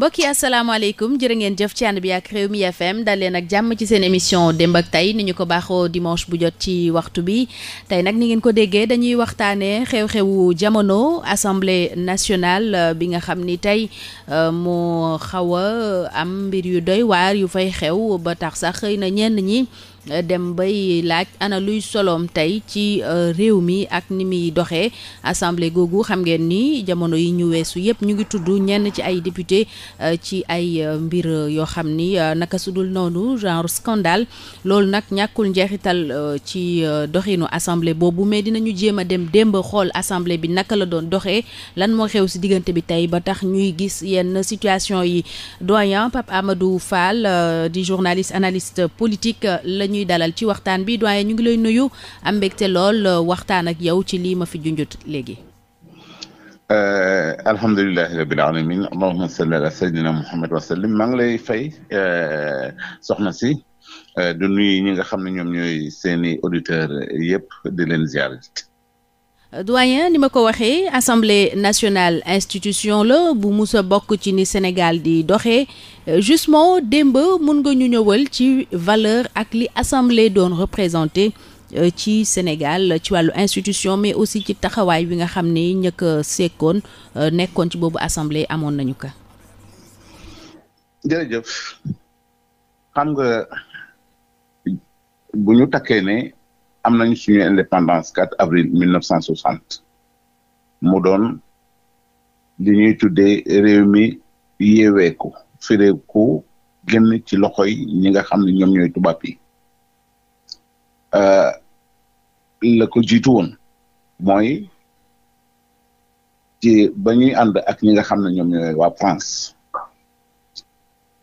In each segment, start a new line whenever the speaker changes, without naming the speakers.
mbokk yi asalaamaaleykum jërë ngeen jëf ci ànd bi ak Rewmi FM dal leen ak jàmm ci seen émission démb ak tey ni ñu ko baaxoo dimanche bu jot ci waxtu bi tey nag ni ngeen ko déggee dañuy waxtaanee xew-xewu jamono assemblée nationale euh, bi nga xam ni tey euh, moo xawa am mbir yu doy waar yu fay xew ba tax sax xëy na ñenn ñi. dem bay laaj ana luy soloom tey ci euh, réew mi ak ni muy doxee assemblée googu xam ngeen ni jamono yi ñu weesu yépp ñu ngi tudd ñenn ci ay député euh, ci ay euh, mbir yoo xam ni naka sudul noonu genre scandale loolu nag ñàkkul njeexital ci doxinu assemblée boobu mais dinañu jéem a dem démb xool assemblée bi naka la doon doxee lan moo xew si diggante bi tey ba tax ñuy gis yenn situation yi doyen Pape Amadou Fall di journaliste analyste politique lañ ñuy dalal ci waxtaan bi doyen ñu ngi lay nuyu am mbégte lool euh, waxtaan ak yow ci lii ma fi junjut léegi.
Euh, alhamdulilahi rabil alamin allahuma salli ala sayyidina muhammad wa sallim maa ngi lay fay euh, soxna si du nuyu ñi nga xam ne ñoom ñooy seeni auditeur yëpp di leen ziar.
doyen ni ma ko waxee assemblée nationale institution la bu musa bokk ci ni Sénégal di doxee euh, justement démb mun nga ñu ñëwal ci valeur ak li assemblée doon représenté euh, ci Sénégal ci wàllu institution mais aussi ci taxawaay bi nga xam ne ñëkk sekkoon euh, nekkoon ci boobu assemblée amoon nañu ko.
jërëjëf xam nga bu ñu takkee ne. am nañu suñu indépendance 4 avril 1960 mu doon li ñuy tuddee réew mi yeeweeku fireeku génn ci loxo yi ñi nga xam ne ñoom ñooy tubaab yi euh, la ko jiitu woon mooy ci ba ànd ak ñi nga xam ne ñoom ñooy France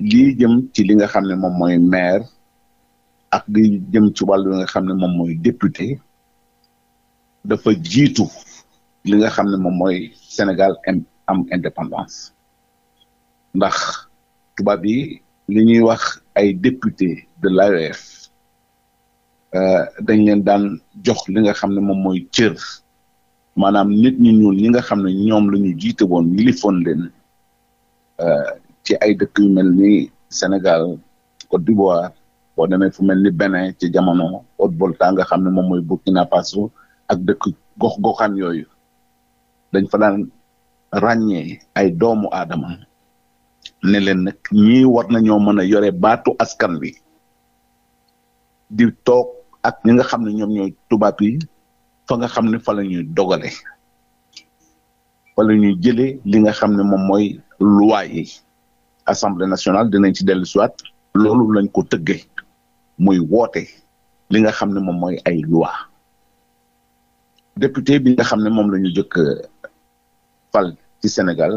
lii jëm ci li nga xam ne moom mooy maire ak di jëm ci wàllu nga xam ne moom mooy député dafa jiitu li nga xam ne moom mooy Sénégal am indépendance ndax tubaab yi li ñuy wax ay député de l'AEF euh, dañ leen daan jox li nga xam ne moom mooy cër maanaam nit ñu ñuul ñi nga xam ne ñoom la ñu jiite woon yilifoon leen euh, ci ay dëkk yu mel ni Sénégal Côte d'Ivoire boo demee fu mel ni Benin ci jamono Haute-Volta nga xam ne moom mooy Burkina Faso ak dëkk gox-goxaan yooyu dañ fa daan ràññee ay doomu aadama ne leen nag ñii war nañoo mën a yore baatu askan wi di toog ak ñi nga xam ne ñoom ñooy tubaab yi fa nga xam ne fa la ñuy dogale fa la ñuy jëlee li nga xam ne moom mooy loi yi assemblée nationale dinañ ci dellu siwaat loolu lañ ko tëggee muy woote li nga xam ne moom mooy ay loi député bi nga xam ne moom la ñu jëkk fal ci Sénégal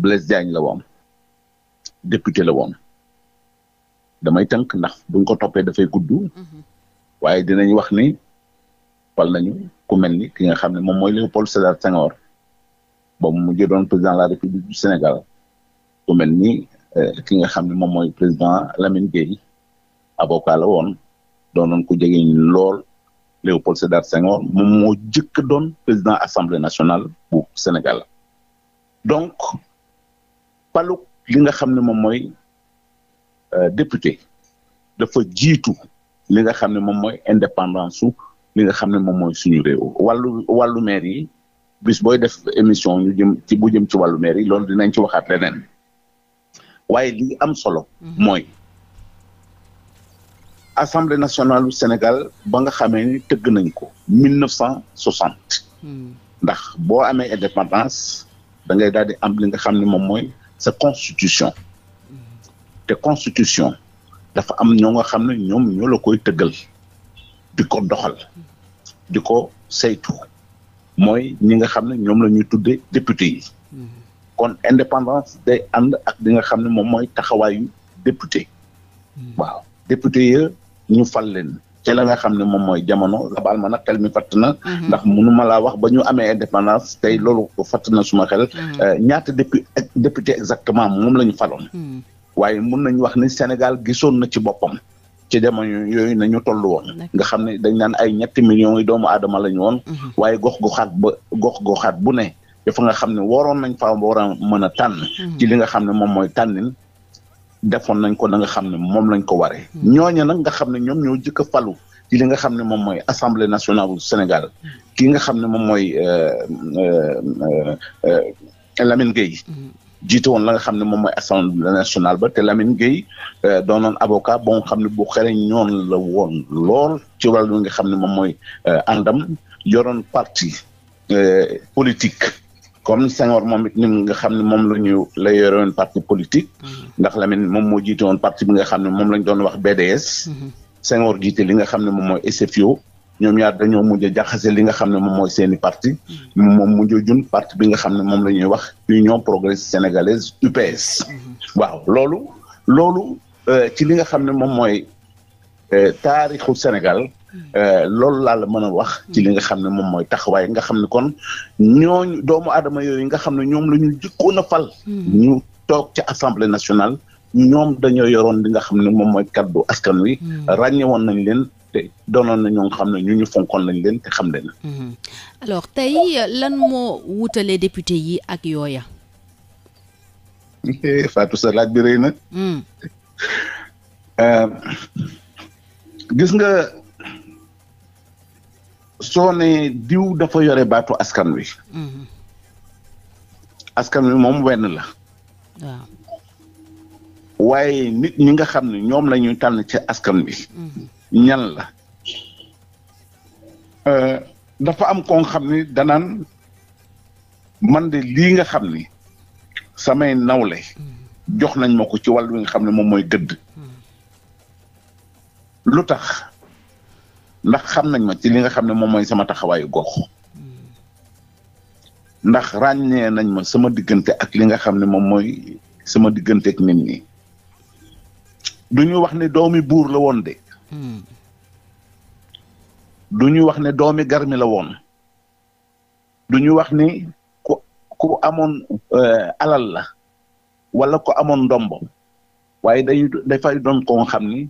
Blaise Diagne la woom député la woon damay tënk ndax buñ ko toppee dafay gudd mhm. waaye dinañ wax ni fal nañu ku mel ki nga xam ne moom mooy Léopold Sédar Senghor ba mu mujjee doon président de la République du Sénégal ku mel euh, ki nga xam ne moom mooy président lamin Guèye avocat la woon doonoon ku jegeñ lool Léopold Sédar Senghor moom moo jëkk doon président assemblée nationale bu Sénégal donc paluk li nga xam ne moom mooy euh, député dafa jiitu li nga xam ne moom mooy indépendance su li nga xam ne moom mooy suñu réew wàllu wàllu maire yi bis booy def émission ñu ci bu jëm ci wàllu maire yi loolu dinañ ci waxaat leneen waaye li am solo mhm. mooy assemblée nationale du Sénégal ba nga xamee ni tëgg nañ ko mille neuf cent soixante hmm. ndax boo amee indépendance da ngay daal di am li nga xam ne moom mooy sa constitution hmm. te constitution dafa am ñoo nga xam ne ñoom ñoo la koy tëggal di ko doxal di ko saytu mooy ñi nga xam ne ñoom la ñuy tuddee député yi hmm. kon indépendance de ànd ak li nga xam ne moom mooy taxawaayu député waaw ñu fal leen ci la nga xam ne moom mooy jamono la baal ma nag xel mi fatt na mhm. ndax munu ma laa wax ba ñu amee indépendance tey mhm. loolu fatt na suma xel mhm. euh, ñaata député député exactement moom la ñu faloon waaye mun nañ wax ni Sénégal gisoon na ci boppam ci jamono yooyu nañu toll woon nga xam ne dañ naan ay ñetti millions yi doomu aadama la ñu woon waaye gox goxaat ba gox goxaat bu ne dafa nga xam ne waroon nañ fa war a mën a tànn ci li nga xam ne moom mooy tànnin defoon nañ ko na nga xam ne moom lañ ko waree. ñooñu nag nga xam ne ñoom ñoo jëkk a falu ci li nga xam ne moom mooy assemblée nationale bu Sénégal ki nga xam ne moom mooy euh, euh, euh, Lamine Gueye. jiite woon la nga xam ne moom mooy assemblée nationale ba te Lamine Gueye doonoon avocat bo nga xam ne bu xereñ ñoon la woon lool ci wàllu nga xam ne moom mooy àndam yoroon parti politique. comme Senghor moom it ni nga xam ne moom la ñu la yore woon parti politique. Mm-hmm. ndax lamin moom moo jiite woon parti bi nga xam ne moom lañ doon wax BDS. Mm-hmm. Senghor jiit li nga xam ne moom mooy SFIO. ñoom ñaar dañoo mujj a li nga xam ne moom mooy seen parti mm-hmm. moom mujj a parti bi nga xam ne moom la ñuy wax Union Progressiste Sénégalaise UPS. waaw loolu loolu euh, ci li nga xam ne moom mooy euh, taarixu Sénégal Euh, loolu laa la mën a wax ci li nga xam ne moom mooy taxawaay nga xam ne kon ñooñu doomu aadama yooyu nga xam ne ñoom lañu ñu jëkkoon fal hmm. ñu toog ca assemblée nationale ñoom dañoo yoroon li nga xam ne moom mooy kaddu askan wi hmm. ràññe woon nañ leen te doonoon na ñoo xam ne ñu ñu fonkoon nañ leen te xam leen
hmm. alors tey lan moo wutale député yi ak yooya
eh, Fatou bi na euh, gis nga soo nee diw dafa yore baatu askan wi. Mhm. askan wi moom wenn la. waaw waaye nit ñi nga xam ne ñoom la ñuy tànn ci askan wi. Mhm. ñan la. Euh, dafa am koo xam ni danaan man de lii nga xam ni samay nawle mhm. jox nañ ma ko ci wàll wi nga xam ne moom mooy gëdd lu tax ndax xam nañ ma ci li nga xam ne moom mooy sama taxawaayu gox ndax ràññee nañ ma sama diggante ak li nga xam ne moom mooy sama diggante ak nit ñi du ñu wax ne doomi buur la woon de hmm. du ñu wax ne doomi garmi la woon duñu wax ni ku ku amoon euh, alal la wala ko amoon ndombo waaye day dafay doon ko xam ni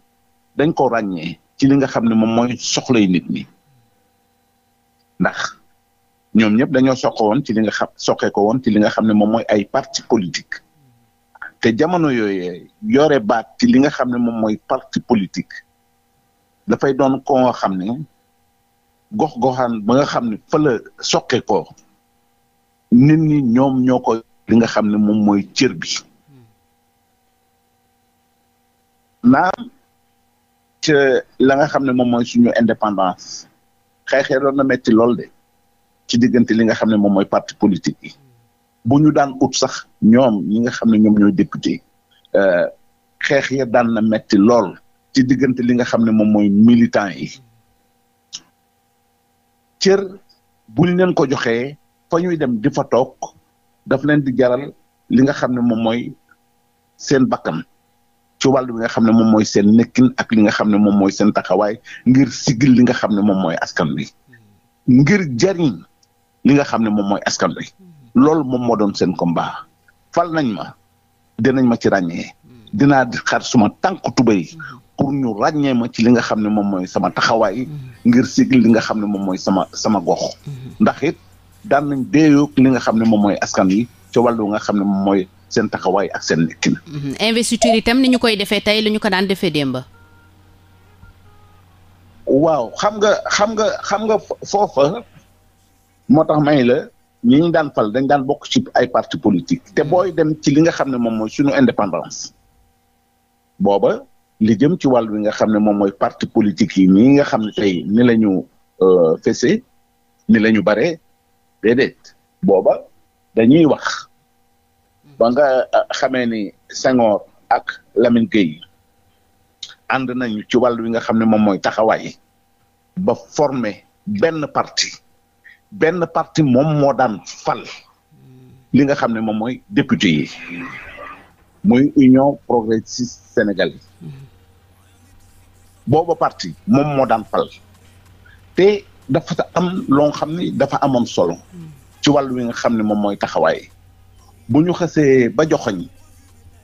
dañ ko ràññee ci li nga xam ne moom mooy soxlay nit ñi ndax ñoom ñëpp dañoo soqe woon ci li nga xam soqe ko woon ci li nga xam ne moom mooy ay parti politique te jamono yooyee yore baat ci li nga xam ne moom mooy parti politique dafay doon ko nga xam ne gox-goxaan ba nga xam ne fa la ko nit ñi ñoom ñoo ko li nga xam ne moom mooy cër bi hmm. naam ca la nga xam ne moom mooy suñu indépendance xeexee doon na métti lool de ci diggante li nga xam ne moom mooy parti politique yi bu ñu daan ut sax ñoom ñi nga xam ne ñoom ñooy député euh, xeex ye daan na metti lool ci diggante li nga xam ne moom mooy militant yi cër buñ leen ko joxee fa ñuy dem di fa toog daf leen di jaral li nga xam ne moom mooy seen bakkan ci wàll bi nga xam ne moom mooy seen nekkin ak li nga xam ne moom mooy seen taxawaay ngir sigil li nga xam ne moom mooy askan wi ngir jariñ li nga xam ne moom mooy askan wi loolu moom moo doon seen combat fal nañ ma dinañ ma ci ràññee dinaa xar suma tànk tubay pour ñu ràññee ma ci li nga xam ne moom mooy sama taxawaay ngir sigil li nga xam ne moom mooy sama sama gox ndax it daan nañ li nga xam ne moom mooy askan wi ci wàllu nga xam ne moom seen taxawaay ak seen nekkin.
Mhm. investiture itam ni ñu koy defee tey li ñu ko daan defee demba
waaw xam nga xam nga xam nga foofa moo tax may la ñi ñu daan fal dañ daan bokk ci ay parti politique te mhm. booy dem ci li nga xam ne moom mooy suñu indépendance booba li jëm ci wàll bi nga xam ne moom mooy parti politique yi ñi nga xam ne tey ni la ñu euh, fese ni la ñu bare déedéet booba dañuy wax ba nga ah, xamee ni Senghor ak Lamine Gueye ànd nañu ci wàll wi nga xam ne moom mooy taxawaay ba former benn parti benn parti moom moo daan fal li nga xam ne moom mooy député yi muy Union progressiste sénégalaise booba parti moom moo daan fal te dafa am loo xam ne dafa amoon solo ci wàll wi nga xam ne moom mooy taxawaay bu ñu xasee ba joxoñ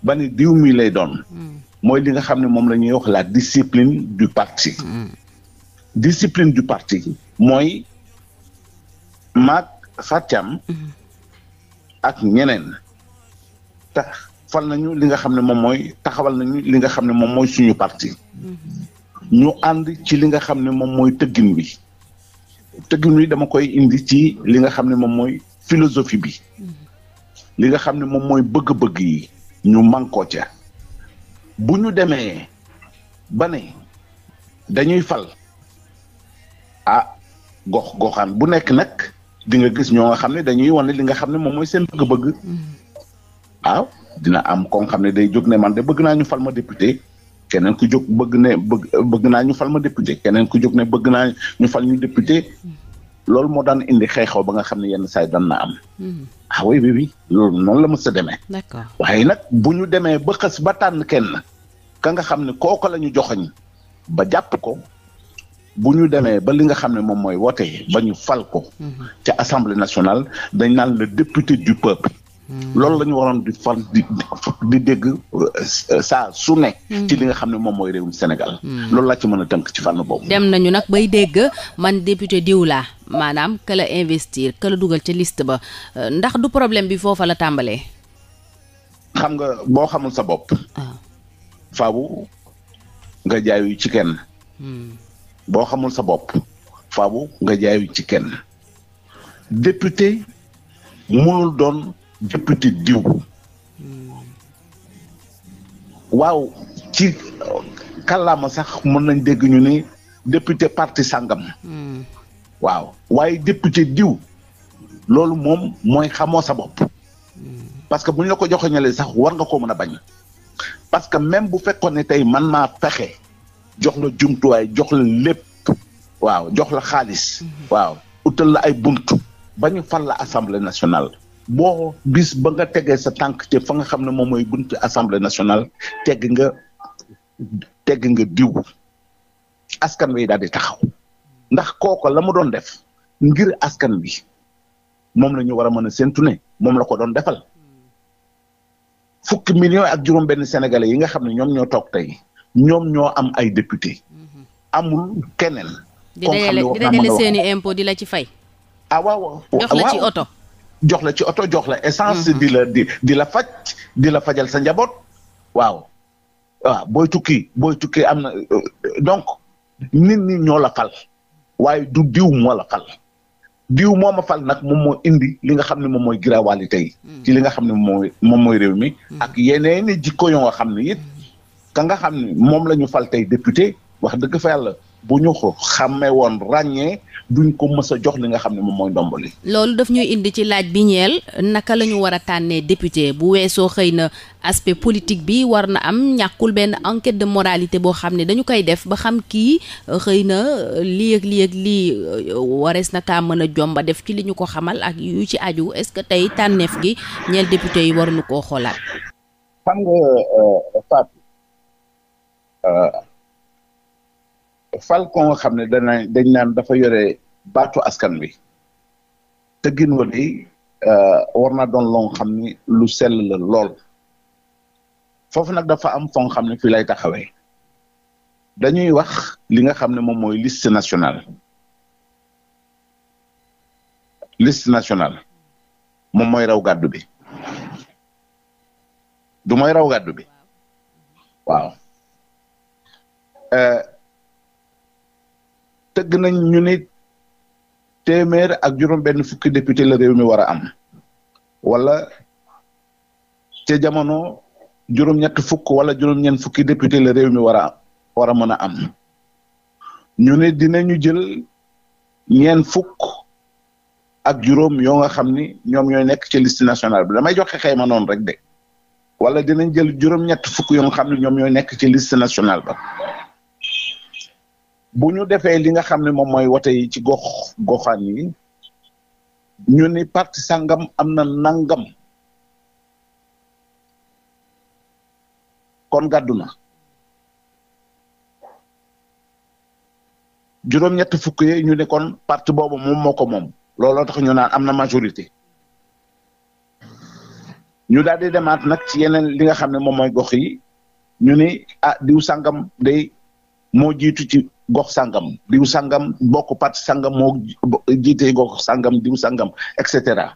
ba ni diw mi lay doon hmm. mooy li nga xam ne moom la ñuy wax la discipline du parti hmm. discipline du parti mooy maag fàccam hmm. ak ñeneen tax fal nañu li nga xam ne moom mooy taxawal nañu li nga xam ne moom mooy suñu parti ñu ànd ci li nga xam ne moom mooy tëggin bi tëggin wi dama koy indi ci li nga xam ne moom mooy philosophie bi li nga xam ne moom mooy bëgg-bëgg yi ñu mànkoo ca bu ñu demee ba ne dañuy fal ah gox goxaan bu nekk nag di nga gis ñoo nga xam ne dañuy wane li nga xam ne moom mooy seen bëgg-bëgg waaw mm-hmm. ah, dina am kon xam ne day jóg ne man de bëgg naa ñu fal ma député keneen ku jóg bëgg ne bëgg bëgg naa ñu fal ma député keneen ku jóg ne bëgg naa ñu fal ñu député mm-hmm. loolu moo daan indi xeexoo ba nga xam ne yenn saay daan na am. Mhm. ah oui oui oui loolu noonu la mës a demee. d'accord waaye nag bu ñu demee ba xës ba tànn kenn na ka nga xam ne kooku la ñu joxoñ ba jàpp ko bu ñu demee ba li nga xam ne moom mooy woote ba ñu fal ko. Mhm. ca assemblée nationale dañ naan le député du peuple. loolu la ñu waroon di far di dégg euh, saa su ne. Hmm. ci li nga xam ne moom mooy réewum Sénégal. Hmm. loolu laa ci mën a tënk ci fànn boobu. dem
nañu nag bay dégg man député diw laa maanaam ka investir ka dugal ca list ba euh, ndax du problème bi foofa la tàmbalee.
xam nga boo xamul sa bopp. Ah. fawu nga jaayu ci kenn. Hmm. boo xamul sa bopp. faabu nga jaayu ci kenn. député mënul doon. député diw waaw ci kàllaama sax mën nañ dégg ñu ni député parti sàngam waaw waaye député diw loolu moom mooy xamoo sa bopp parce que bu ñu la ko joxoñalee sax war nga ko mën a bañ parce que même bu fekkoon ne tey man maa fexe jox la jumtuwaay jox la lépp waaw jox la xaalis waaw utal la ay bunt ba ñu fal la assemblée nationale boo bis ba nga tegee sa tànk te fa nga xam ne moom mooy buntu assemblée nationale tegg nga tegg nga diw askan wi daal di taxaw ndax kooko la mu doon def ngir askan wi moom la ñu war a mën a séntu ne moom la ko doon defal fukki million ak juróom-benn sénégalais yi nga xam ne ñoom ñoo toog tey ñoom ñoo am ay député amul keneen. koo xam
ne di la ci fay.
ah waaw jox la ci oto jox la essence. Mhm. di la di di la faj di la fajal sa njaboot waaw. waaw booy tukki booy tukki am na euh, donc nit ni ñoo la fal waaye du diw moo la fal diw moo ma fal nag moom moo indi li nga xam ne moom mooy giraawalité yi mhm. ci li nga xam ne mooy moom mooy réew mi. Mhm. ak yeneen i jikko yoo xam ne it ka nga xam ne moom la ñu fal tey député wax dëgg fa yàlla. bu ñu ko xàmmee woon ràññee duñ ko mës jox li nga xam ne moom mooy ndombali.
loolu daf ñuy indi ci laaj bi ñeel naka lañu ñu war a tànnee député bu weesoo xëy na aspect politique bi war na am ñàkkul benn enquête de moralité boo xam ne dañu koy def ba xam kii euh, xëy na euh, lii ak li ak lii euh, warees na kaa mën a jomba def ci li ñu ko xamal ak yu ci aju est-ce que tey tànneef gi ñeel député yi waruñu koo xoolaat.
xam fal ko nga xam ne dana dañ naan dafa yore baatu askan wi te wa day euh, war naa doon loo xam ni lu sell lool foofu nag dafa am foo xam ne fii lay taxawee dañuy wax li nga xam ne moom mooy liste national liste nationale moom mooy raw gàddu bi du mooy raw gàddu bi waaw. Uh, tëgg nañ ñu ni téeméer ak juróom benn fukki député la réew mi war a am wala ca jamono juróom-ñett fukk wala juróom-ñeent fukki député la réew mi war a war a mën a am ñu ne dinañu jël ñeen fukk ak juróom yoo nga xam ni ñoom ñooy nekk ci liste nationale bi damay joxe xayma noonu rek de wala dinañ jël juróom-ñett fukk yoo xam ni ñoom ñooy nekk ci liste nationale ba bu ñu defee li nga xam ne moom mooy wote ci gox goxaan yi ñu ni parti sangam am na nangam kon gàddu na juróom-ñett fukk yi ñu ne kon parti boobu moom moo ko moom looloo tax ñu naan am na majorité ñu daal di demaat nag ci yeneen li nga xam ne moom mooy gox yi ñu ni ah diw sangam day moo jiitu ci gox sangam diw sangam bokk parti sangam moo jiite gox sangam diw sangam et cetera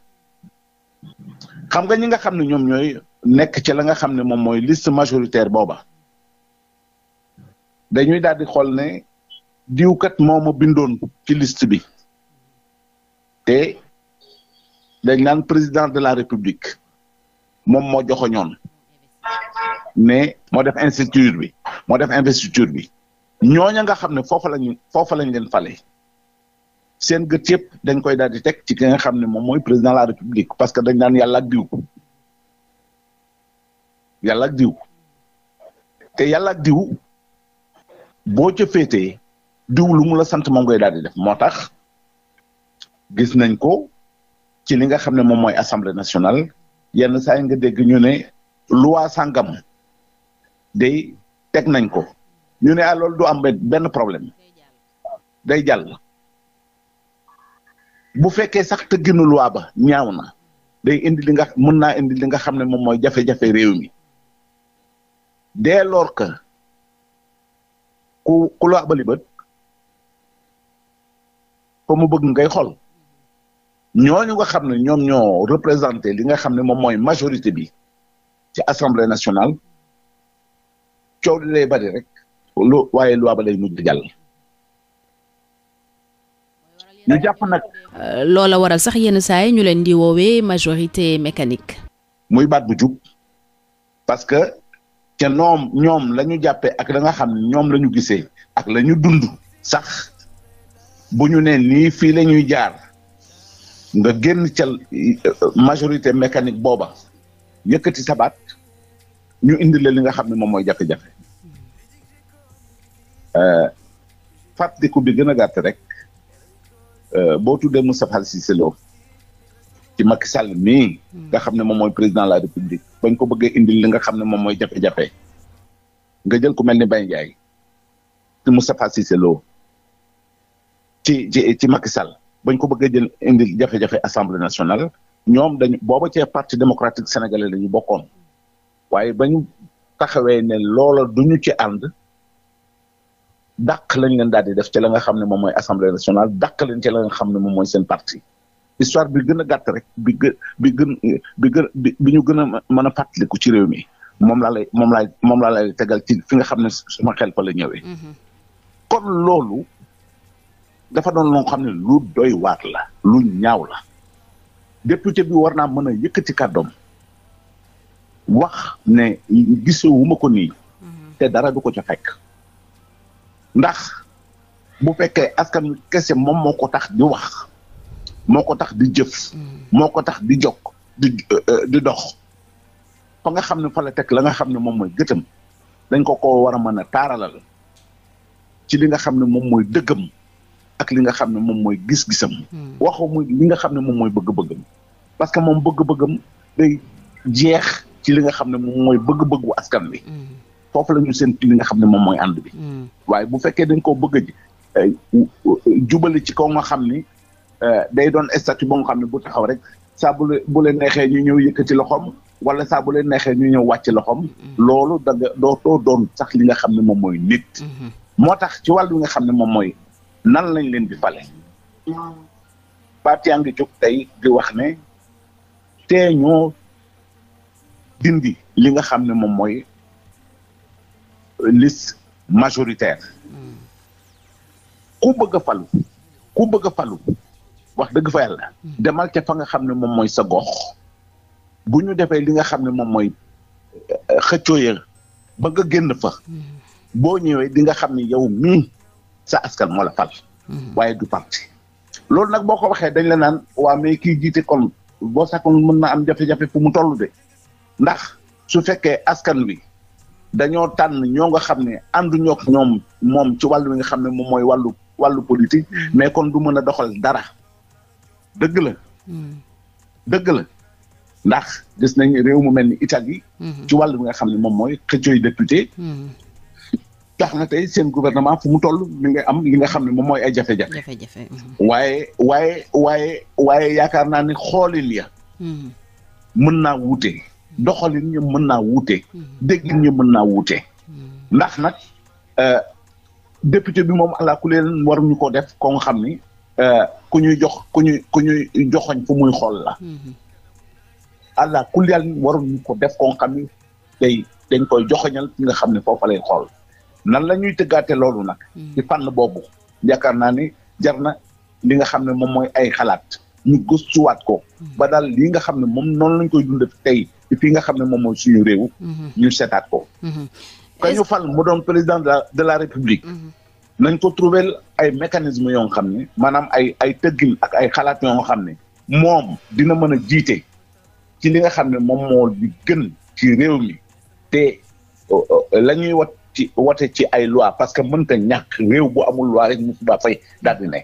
xam nga ñi nga xam ne ñoom ñooy nekk ci la nga xam ne moom mooy list majoritaire booba dañuy daal di xool ne kat moo ma bindoon ci list bi te dañ naan président de la république moom moo joxoñoon ne moo def investiture bi moo def investiture bi ñooña nga xam ne foofa lañ foofa lañ leen fale seen gët yëpp dañ koy daal di teg ci ki nga xam ne moom mooy président de la république parce que dañ naan yàlla ak diw yàlla ak diw te yàlla ak diw boo ca te diwlumu la sant moom ngay daal di def moo tax gis nañ ko ci li nga xam ne moom mooy assemblée nationale yenn saa yi nga dégg ñu ne loi sangam day teg nañ ko ñu ne ah loolu du am benn problème day jàll bu fekkee sax tëgginu loi ba ñaaw na day indi li nga mën naa indi li nga xam ne moom mooy jafe-jafe réew mi dès lors que ku ku loi bët fa mu bëgg ngay xool ñooñu nga xam ne ñoom ñoo représenté li nga xam ne moom mooy majorité bi ci assemblée nationale coow li lay bari rek lu waaye loi ba day mujj jàll.
ñu jàpp nag. loola waral sax yenn saa yi ñu leen di woowee majorité mécanique.
muy baat bu jub parce que ca noom ñoom la ñu jàppee ak la nga xam ñoom la ñu gisee ak la ñu dund sax bu ñu nee nii fii lañuy jaar nga génn ca euh, majorité mécanique booba yëkkati sabaat ñu indi la li nga xam ne moom mooy jafe-jafe. Euh, fàttaliku bi gën a gàtt rek euh, boo tuddee Moustapha Cissé Lo ci Macky Sall mii nga xam ne moom mooy président de la république bañ ko bëggee indi li nga xam ne moom mooy jafe-jafe nga jël ku mel ni Baye Ndiaye ci Moustapha Cissé ci ci ci Macky Sall bañ ko bëggee jël indi jafe-jafe assemblée nationale ñoom dañ booba cee parti démocratique sénégalais la ñu bokkoon waaye bañu taxawee ne loola duñu ci ànd dàq lañ leen daal di def ci la nga xam ne moom mooy assemblée nationale dàq leen ci la nga xam ne moom mooy seen parti histoire bi gën a gàtt rek bi gë bi gën bi ñu gën a mën a fàttaliku ci réew mi moom laa lay moom la moom laa lay tegal ci fi nga xam ne suma xel fa la ñëwee. Mm-hmm. kon loolu dafa doon loo xam ne lu doy waar la lu ñaaw la député bi war naa mën a yëkkati kàddoom wax ne gisewuma ko nii mm-hmm. te dara du ko ca fekk. ndax bu fekkee askan kese moom moo ko tax di wax moo ko tax di jëf moo ko tax di jokk di euh, di dox fa nga xam ne fa la teg la nga xam ne moom mooy gëtëm dañ ko ko war a mën a taaralal ci li nga xam ne moom mooy dëggam ak li nga xam ne moom mooy gis-gisam hmm. waxu muy li nga xam ne moom mooy bëgg bëgg parce que moom bëgg-bëggam day jeex ci li nga xam ne moom mooy bëgg-bëggu askan wi hmm. foofu la ñu séntu li nga xam ne moom mooy ànd hmm. waaye bu fekkee dañ koo bëgg a ci kaw nga xam ni euh, day doon statut ba nga xam ne bu taxaw rek saabu bu leen bu leen neexee ñu ñëw yëkkati loxoom wala saa bu leen neexee ñu ñëw wàcc loxoom. Hmm. loolu da nga dootoo doon sax li nga xam ne moom mooy nit. Hmm. moo tax ci wàllu nga xam ne moom mooy nan lañ leen di fale. baat yaa ngi jóg tey di wax ne. tee ñoo dindi li xam ne moom liste majoritaire ku bëgg falu ku bëgg falu wax dëgg fa yàlla demal ca fa nga xam ne moom mooy sa gox bu ñu defee li nga xam ne moom mooy euh, xëccoo ya ba nga génn fa boo ñëwee di nga xam ne yow mi sa askan wala la fal waaye du parti loolu nag boo ko waxee dañ la naan waa mais kii jiite kon boo sàkkoon mën na am jafe-jafe fu mu toll de ndax su fekkee askan wi dañoo tànn ñoo nga xam ne ànduñoo ak ñoom moom ci wàllu wi nga xam ne moom mooy wàllu wàllu politique mm. mais kon du mën a doxal dara dëgg la. Mm. dëgg la ndax gis nañ réew mu mel ni Italie. Mm-hmm. ci wàllu bi nga xam ne moom mooy xëccooy député. Mm. tax na tey seen gouvernement fu mu toll mi nga am li nga xam ne moom mooy ay jafe-jafe.
jafe-jafe. Mm-hmm.
waaye waaye waaye waaye yaakaar naa ne xoolil ya. mën na wuute. doxalin ñu mën naa wuute déggin ñu mën naa wuute ndax nag euh, député bi moom àla ku leen waruñu ko def ko nga xam ni euh, ku ñuy jox ku ñuy ku ñuy joxoñ fu muy xool la àla ku leen waruñu ko def ko nga xam ni day dañ koy joxoñal fi nga xam ne foofa xool nan la ñuy tëggaate loolu nag ci fànn boobu yaakaar naa ni jar na li nga xam ne moom mooy ay xalaat ñu gëstuwaat ko ba daal li nga xam ne moom noonu lañ koy dund tey fi nga xam ne moom mooy suñu réew. Mhm. ñu seetaat ko. Mhm. ka ñu fal mu doon président de la de la république. Mhm. nañ ko trouver ay mécanismes yoo xam ne maanaam ay ay tëggin ak ay xalaat yoo xam ne moom dina mën a jiite ci li nga xam ne moom moo di ci réew mi te la ci wate ci ay loi parce que mënta ñàkk réew bu amul loi rek musiba fay daal di ne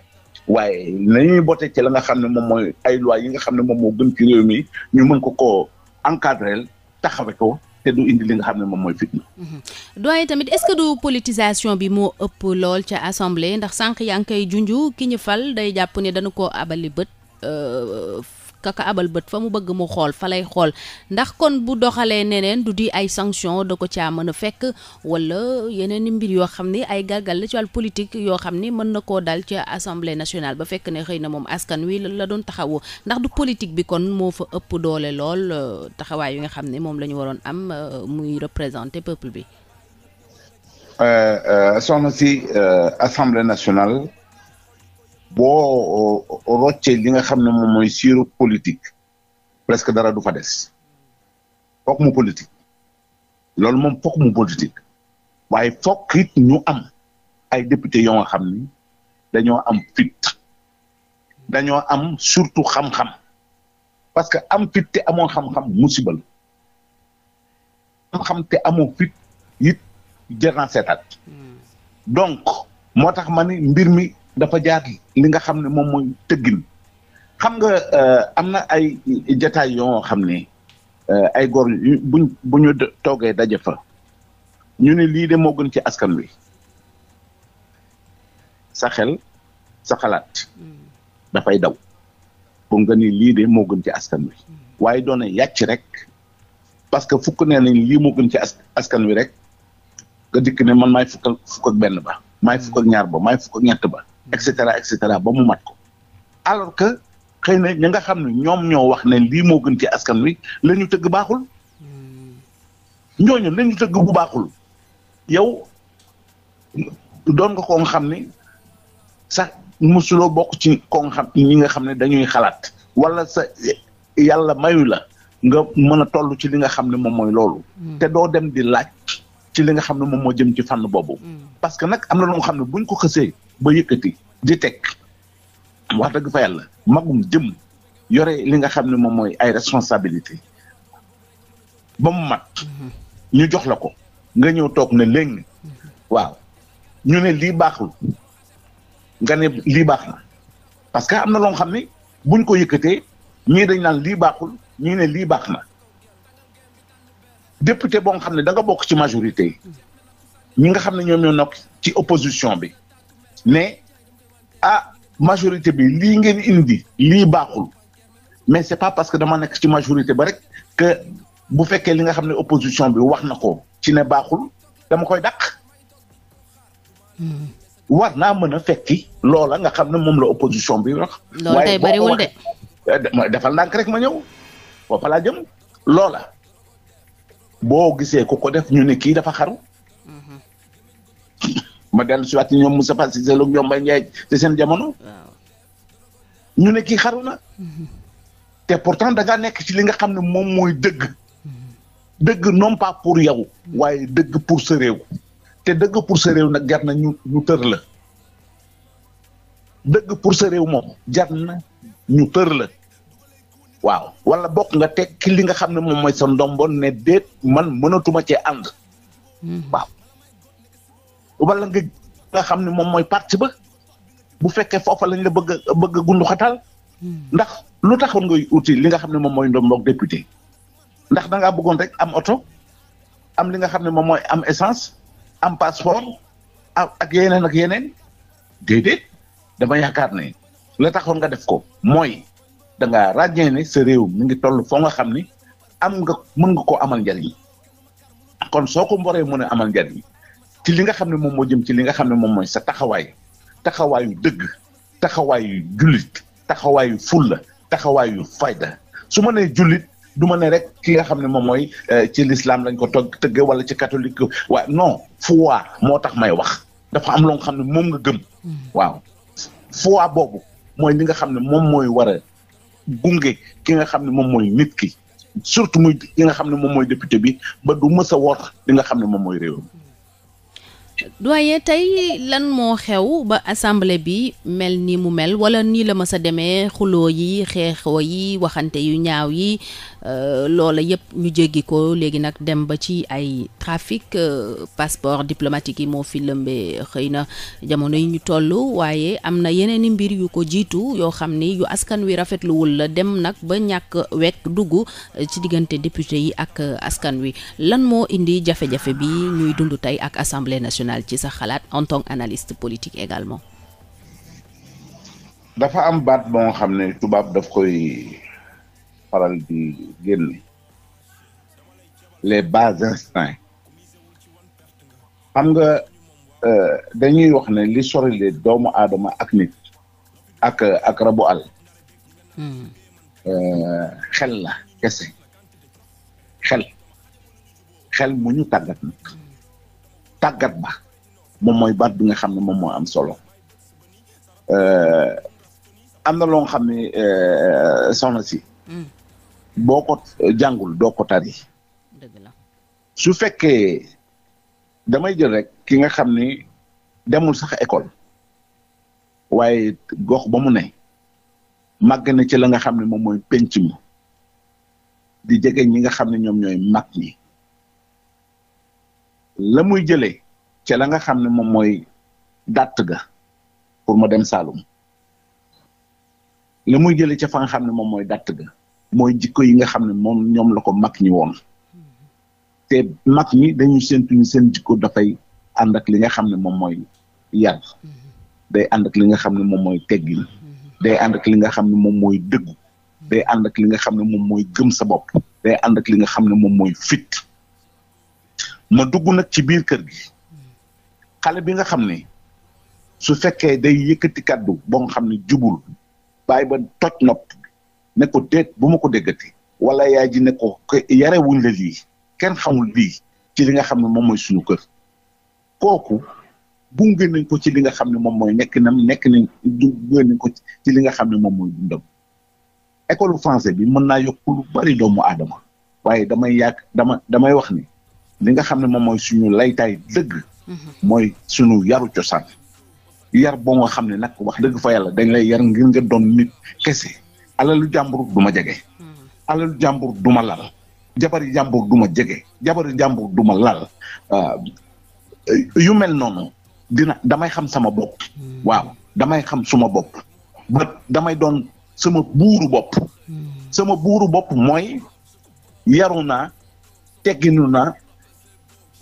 waaye la ñuy bote ci la nga xam ne moom mooy ay loi yi nga xam ne moom moo gën ci réew mi ñu mën ko ko encadré taxawe ko te du indi nga xam ne moom mooy fitna. Mhm.
doyen tamit est-ce que du politisation bi moo ëpp lool ca assemblée ndax sànq yaa ngi koy junj ki ñu fal day jàpp ne dañu ko abali bët. Euh, ka ko abal bët fa mu bëgg mu xool fa lay xool ndax kon bu doxalee neneen du di ay sanction da ko caa mën a fekk wala yeneen i mbir yoo xam ne ay gàggal la ci wàllu politique yoo xam ni mën na koo dal ci assemblée nationale ba fekk ne xëy na moom askan wi la doon taxawu ndax du politique bi kon moo fa ëpp doole lool euh, taxawaay yi nga xam ne moom la ñu waroon am euh, muy représenter peuple bi.
Euh, soxna si assemblée nationale. boo roccee li nga xam ne moom mooy siiru politique presque dara du fa des mu politique loolu moom foog mu politique waaye foog it ñu am ay député yoo nga xam ni dañoo am fit dañoo am surtout xam-xam parce que am fit te amoo xam-xam musibal xam-xam te amoo fit it jërna seetaat hmm. donc moo tax ma ni mbir mi dafa jaar li nga xam ne moom mooy tëggin xam nga euh, am na ay jataay yoo xam ne euh, ay góor buñ bu toogee daje fa ñu ne lii de moo gën ci askan wi sa xel sa dafay daw ba nga ni lii de moo gën ci askan wi waaye doone yàcc rek parce que fukk nee nañ lii moo gën ci askan wi rek nga dikk ne man maay fukk ak benn ba maay fukk ak ñaar ba maay fukk ak ba et cetera et cetera ba mu mat ko alors que xëy na ñi nga xam ne ñoom ñoo wax ne lii moo gën ci askan wi la ñu tëgg baaxul hmm. ñooñu la tëgg bu baaxul yow doon nga ko xam ni sax mosuloo bokk ci ko ñi nga xam ne dañuy xalaat wala sa yàlla mayu la nga mën a toll ci li nga xam ne moom mooy loolu. Hmm. te doo dem di laaj ci li nga xam ne moom moo jëm ci fànn boobu. Hmm. parce que nag am na loo xam ne buñ ko xësee ba yëkkati di teg wax dëgg fa yàlla magum jëm yore li nga xam ne moom mooy ay responsabilité ba mu mat mm-hmm. ñu jox la ko nga ñëw toog ne léegi mm-hmm. waaw ñu ne lii baaxul nga ne lii baax na parce que am na loo xam ne buñ ko yëkkatee ñii dañ naan lii baaxul ñii ne lii baax na député boo nga xam ne danga bokk ci majorité yi ñi nga xam ne ñoom ñoo nokk ci opposition bi ne ah majorité bi lii ngeen indi lii baaxul mais c'est pas parce que dama nekk ci majorité ba rek que bu fekkee li nga xam ne opposition bi wax na ko ci ne baaxul dama koy dàq. Hmm. war naa mën a fekki loola nga xam ne moom la opposition bi wax. loolu day bariwul de eh, defal ndànk rek ma ñëw foo laa jëm loola boo gisee ko ko def ñu ne kii dafa xaru. ma dellu si yi si ñoom Moustapha Cissé Lo ñoom seen jamono. ñu ne kii xaru na. Mm-hmm. te pourtant da ngaa nekk ci li nga xam ne moom mooy dëgg. Mm-hmm. dëgg non pas pour yow. waaye dëgg pour sa réew. te dëgg pour sa réew nag jar na ñu tër la. dëgg pour sa réew moom jar na ñu tër la. waaw wala bokk nga te ki li nga xam ne moom mooy sa ndombo ne déet man mënatuma cee ànd. Mm-hmm. waaw wala nga nga xam ne moom mooy parti ba bu fekkee foofa lañ la bëgg a bëgg a gundu hmm. ndax lu taxoon nga uti li nga xam ne moom mooy ndomboog député ndax da ngaa bëggoon rek am oto am li nga xam ne moom mooy am essence am passeport ak yeneen ak yeneen déedéet dama yaakaar ne la taxoon nga def ko mooy danga ngaa ne sa réew mi ngi toll foo nga xam ni am nga mën nga koo amal njariñ kon soo ko mboree mën a amal njariñ ci li nga xam ne moom moo jëm ci li nga xam ne moom mooy sa taxawaay taxawaayu dëgg taxawaayu jullit taxawaayu fulla taxawaayu fayda su ma nee jullit du ma ne rek ki nga xam ne moom mooy euh, ci lislaam lañ ko togg tëgge wala ci catholique waaw no foi moo tax may wax dafa am loo xam ne moom nga gëm mm-hmm. waaw foi boobu mooy li nga xam ne moom mooy war a gunge ki nga xam ne moom mooy nit ki surtout muy ki nga xam ne moom mooy député bi ba du mës wor li nga xam ne moom mooy réew
doyen tey lan moo xew ba asamble bi mel ni mu mel wala nii la ma sa demee xuloo yi xeexoo yi waxante yu ñaaw yi Euh, loola yëpp ñu jéggi ko léegi nag dem ba ci ay trafic euh, passeport diplomatique yi moo fi lëmbee xëy na jamono yi ñu toll waaye am na yeneen i mbir yu ko jiitu yoo xam ni yu askan wi rafetluwul la dem nag ba ñàkk wekk dugg euh, ci diggante député yi ak askan wi lan moo indi jafe-jafe bi ñuy dund tey ak assemblée nationale ci sa xalaat en tant qu'analyste politique également.
dafa am baat boo xam ne tubaab daf koy faral di génne les bas instincts xam nga euh, dañuy wax ne li sori doomu aadama ak nit ak ak rabu àll hmm. euh, xel la kese xel xel mu ñu tàggat nag ba moom mooy baat bi nga xam ne moom moo am solo euh, am na loo xam ne soxna si hmm. boo ko eh, jàngul doo ko tari dëgg su fekkee damay jël rek ki nga xam ni demul sax école waaye gox ba mu ne màgg na ci la nga xam ne moom mooy penc mi di jege ñi nga xam ne ñoom ñooy mag ñi la muy jëlee ci la nga xam ne moom mooy dàtt ga pour ma dem Saalum la muy jëlee ca fa nga xam ne moom mooy dàtt ga mooy jikko yi nga xam ne moom ñoom la ko mag ñi woon te mag ñi dañu séntu ñu seen jikko dafay ànd ak li nga xam ne moom mooy yar day ànd li nga xam ne moom mooy teggin day ànd li nga xam ne moom mooy dëggu day ànd ak li nga xam ne moom mooy gëm sa bopp day ànd ak li nga xam ne moom mooy fit ma dugg nag ci biir kër gi xale bi nga xam ne su fekkee day yëkkati kaddu boo nga xam ne jubul bàyyi ba toj nop ne ko déet bu ma ko déggati wala yaay ji ne ko yare wuñ la lii kenn xamul lii ci li nga xam ne moom mooy suñu kër kooku gunge nañ ko ci li nga xam ne moom mooy nekk nam nekk nañ gunge ko ci li nga xam ne moom mooy dundam école bi mën naa yokk lu aadama waaye damay yàgg dama damay wax ni nga xam ne moom mooy suñu laytaay dëgg mm-hmm. mooy sunu yaru cosaan yar boo nga xam ne nag wax dëgg fa yàlla dañ lay yar ngir nga doon nit kese alalu jàmbur du ma jege. Hmm. alalu jàmbur du ma lal. jabari jàmbur du ma jege. jabari jàmbur du ma lal. Euh, euh, yu mel noonu dina damay xam sama bopp. Hmm. waaw damay xam suma bopp. damay doon sama buuru bopp. Hmm. sama buuru bopp mooy yaru naa tegginu naa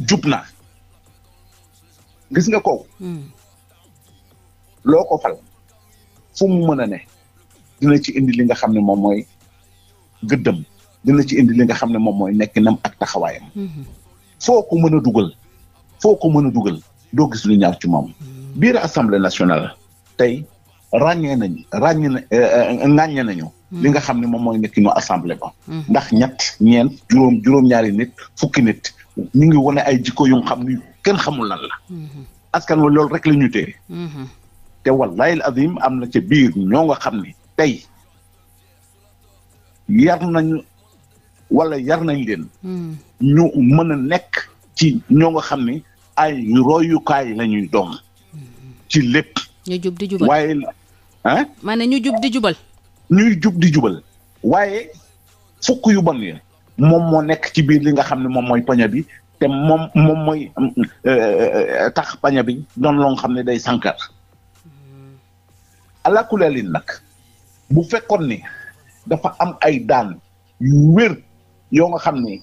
jub naa gis nga ko fal fu mu mën a ne. dina ci indi li nga xam ne moom mooy gëddëm dina ci indi li nga xam ne moom mooy nekkinam ak taxawaayam. Mhm. foo ko mën a dugal foo ko mën a dugal doo gis lu ñaaw ci moom. Mhm. biir assemblée nationale tey ràññee nañu ràññee na eh, eh, ŋàññee nañu. li nga xam ne moom mooy nekkinu assemblée ba. Mhm. ndax ñett ñeent juróom juróom-ñaari nit fukki nit ñu ngi wane ay jikko yu xam ni kenn xamul lan la. askan wa loolu rek la ñu téye. te wallahi al am na ca biir ñoo nga xam ni. tey yar nañu wala yar nañ leen. Hmm. ñu mën a nekk ci ñoo nga xam ni ay royukaay la ñuy doon. ci lépp.
ñu jub di jubal waaye ah. maanaam ñu jub di jubal.
ñuy jub di jubal. waaye fukk yu bon yi moom moo nekk ci biir li nga xam ne moom mooy paña bi te moom moom mooy euh, euh, tax paña bi doon loo xam ne day sànkar. Hmm. alaakulaalin nag. bu fekkoon ni dafa am ay daan yu wér yoo nga xam ni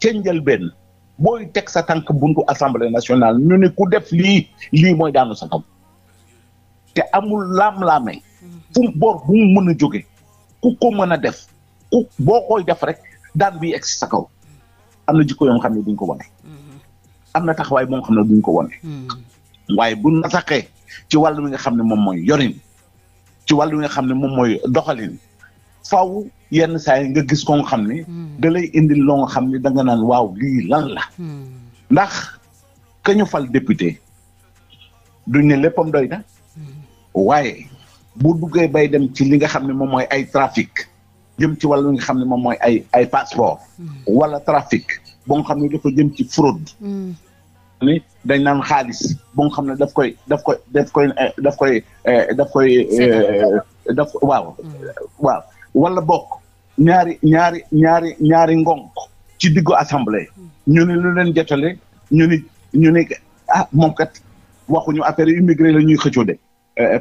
ca njëlbeen booy teg sa tànk buntu assemblée nationale ñu ne ku def lii lii mooy daanu sa te amul laam-laame fu bu mu mën a jóge ku ko mën a def ku boo koy def rek daan bi egg si sa kaw am na jikko yoo xam ne duñ ko wane am na taxawaay moo xam ne duñ ko wane mm-hmm. waaye bu nasaxee ci wàllu mi nga xam ne moom mooy yorin ci wàllu nga xam ne moom mooy doxalin faw yenn saa nga gis ko nga xam ne hmm. da lay indil loo nga xam ne danga naan waaw lii lan la hmm. ndax ka fal député duñ ne léppam doy na hmm. waaye bu duggee bay dem ci li nga xam ne moom mooy ay trafic jëm ci wàllu nga xam ne moom mooy ay ay passeport wala trafic bo nga xam ne dafa jëm ci fraude ni dañ naan xaalis bu nga xam ne daf koy daf koy daf koy eh, daf koy eh, daf koy eh, daf waaw mm. waaw wala bokk ñaari ñaari ñaari ñaari ngonk ci diggu assemblée mm. ñu ne lu leen jotale ñu ni ñu ne ah moom kat waxuñu affaire immigré la ñuy xëccoo de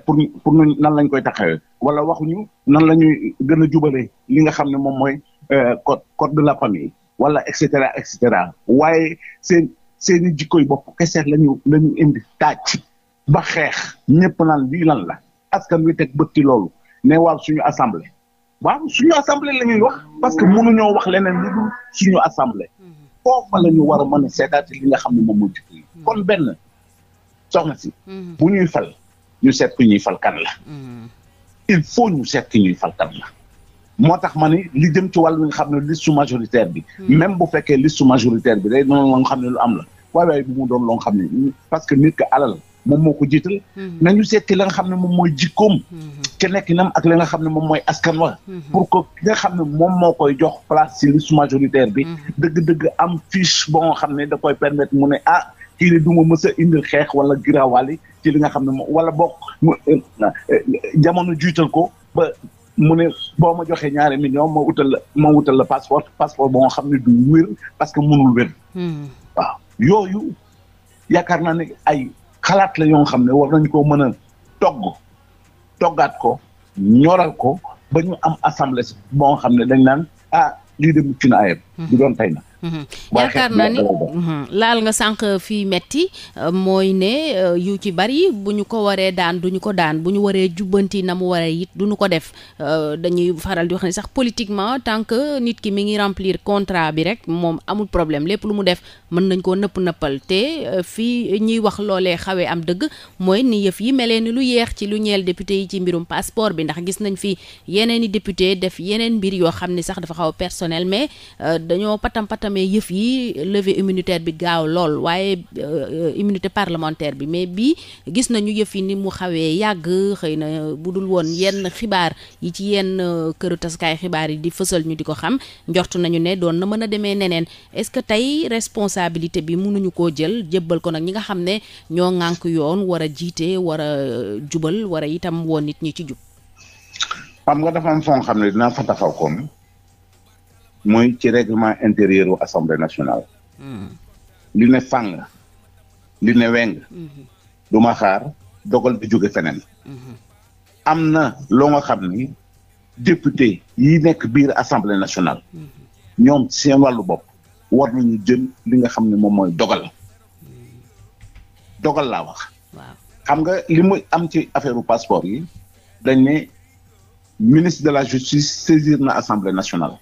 pour pour nan lañ koy taxawee wala waxuñu nan la ñuy gën a jubale li nga xam ne moom mooy code code de la famille wala et cetera et cetera seeni jikko yi bopp kese lañu la ñu indi tàcc ba xeex ñëpp naan lii lan la askan wi teg bëtti loolu ne waaw suñu assemblée waaw suñu assemblée la ñuy wax parce que mënuñoo wax leneen lu dul suñu assemblée foofa la ñu war a mën a seetaat li nga xam ne moom mooy jikko yi kon benn soxna si mm-hmm. bu ñuy fal ñu seet ku ñuy fal kan la mm-hmm. il faut ñu seet ku ñuy fal kan la moo tax ma ni li jëm ci wàllu nga xam ne liste majoritaire bi mm-hmm. même bu fekkee liste majoritaire bi day noonu xam ne lu am la waay waay mu doon loo xam ne parce que nit ka alal moom moo ko jiital mhm. nañu seet la nga xam ne moom mooy jikkoom mhm. ke nam ak la nga xam ne moom mooy askan wa mhm. pour que ki nga xam ne moom moo koy jox place ci liste majoritaire bi dëgg-dëgg am fiche ba nga xam ne da permettre mu ne ah kii ne du ma mës xeex wala giraawaali ci li nga xam ne moom wala bokk euh, euh, jamono jiital ko mu ne boo ma joxee ñaari mi ma utal la ma wutal la passeport passeport boo nga xam ne du wér parce que mënul wér yooyu yaakaar naa ne ay xalaat la yoo xam ne war nañ koo mën a togg toggaat ko ñoral ko ba ñu am assemblée boo xam ne dañ naan ah lii de mucc na ayib. Hmm. du Mm-hmm. yaakaar naa ni mm-hmm,
laal nga sànq fii metti euh, mooy ne euh, yu ci bari bu ñu ko waree daan duñu ko daan bu ñu waree jubbanti na mu waree it duñu ko def euh, dañuy faral di wax ne sax politiquement tant que nit ki mi ngi remplir contrat bi rek moom amul lépp lu mu def mën nañ koo nëpp nëppal te fii ñuy wax loolee xawee am dëgg mooy ni yëf yi melee ni lu yeex ci lu ñeel député yi ci mbirum passeport bi ndax gis nañ fi yeneen i député def yeneen mbir yoo xam ne sax dafa xaw personnel mais dañoo patam patam mais yëf yi levée immunitaire bi gaaw lool waaye euh, immunité parlementaire bi mais bii gis nañu yëf yi ni mu xawee yàgg xëy na bu dul woon yenn xibaar yi ci yenn euh, këru taskaay xibaar yi di fësal ñu di ko xam njortu nañu ne doon na mën a demee neneen est-ce que tey responsabilité bi mënuñu koo jël jëbbal ko nag ñi nga xam ne ñoo ŋànk yoon war a jiite war a euh, jubal war a itam woon nit ñi ci jub.
mooy ci règlement intérieur wu assemblée nationale. Hmm. li ne fàng li ne weng. Hmm. du ma dogal bi jóge feneen. Hmm. am na loo nga xam ni député yi nekk biir assemblée nationale. ñoom seen wàllu bopp war nañu jël li nga xam ne moom mooy dogal. dogal laa wax. xam nga li mu am ci affaire passeport yi dañ ne ministre de la justice saisir na assemblée nationale.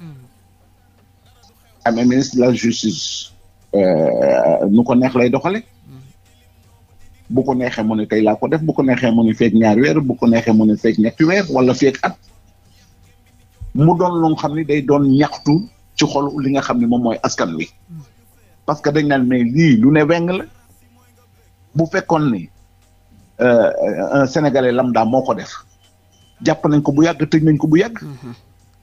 amee ministre de la justice euh, nu ko neex lay doxale bu ko neexee mu ne tey laa ko def bu ko neexee mu ne feeg ñaari weer bu ko neexee mu ne feeg weer wala feeg at mu doon lu xam ne day doon ñaxtu ci xolu li nga xam ne moom mooy askan wi parce que dañ naan mais lii lu ne weng la bu fekkoon ni euh, un lam lambda moo ko def jàpp nañ ko bu yàgg tëj nañ ko bu yàgg mm-hmm.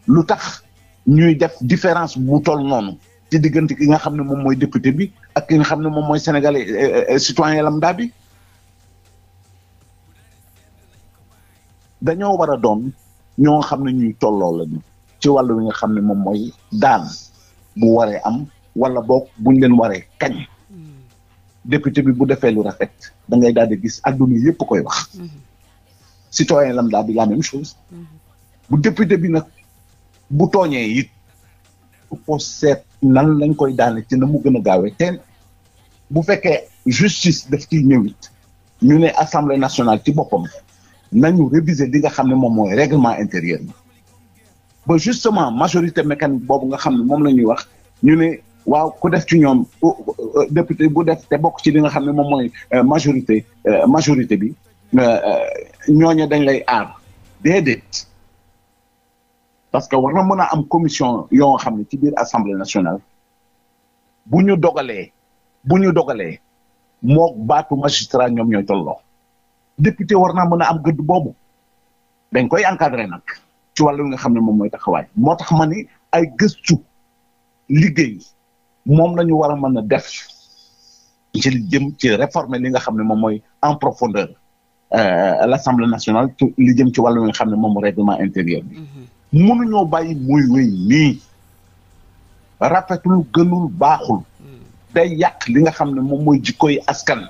lu tax ñuy def différence bu toll noonu ci diggante ki nga xam ne moom mooy député bi ak ki nga xam ne moom mooy sénégalais euh, euh, euh, citoyen lambda bi dañoo war a doon ñoo xam ne ñuy tolloo la ci wàllu wi nga xam ne moom mooy daan bu waree am wala boog buñ leen waree kañ député bi bu defee lu rafet da ngay daal di gis adduna yëpp koy wax mm-hmm. citoyen lambda bi la même chose mm-hmm. bu député bi nag bu tooñee it il faut seet nan lañ koy daane ci na mu gën a gaawee te bu fekkee justice daf ciy ñëw ñu ne assemblée nationale ci boppam nañu réviser li nga xam ne moom mooy règlement intérieur bi ba justement majorité mécanique boobu nga xam ne moom la ñuy wax ñu ne waaw ku def ci ñoom euh, député bu def te bokk ci li nga xam ne moom mooy euh, majorité euh, majorité bi ñooñu dañ lay aar déedéet parce que war na mën a am commission yoo xam ne ci biir assemblée nationale bu ñu dogalee bu ñu dogalee moo baatu magistrat ñoom ñooy tolloo député war naa mën a am gëdd boobu dañ koy encadré nag ci wàllu nga xam ne moom mooy taxawaay moo tax ma ni ay gëstu liggéey moom la ñu war a mën a def ci li jëm ci réformer li nga xam ne moom mooy en profondeur euh, l'Assemblée nationale li jëm ci wàllu nga xam ne moom règlement intérieur ñoo bàyyi muy wéy nii rafetul gënul baaxul hmm. day yàq li nga xam ne moom mooy jikkoy askan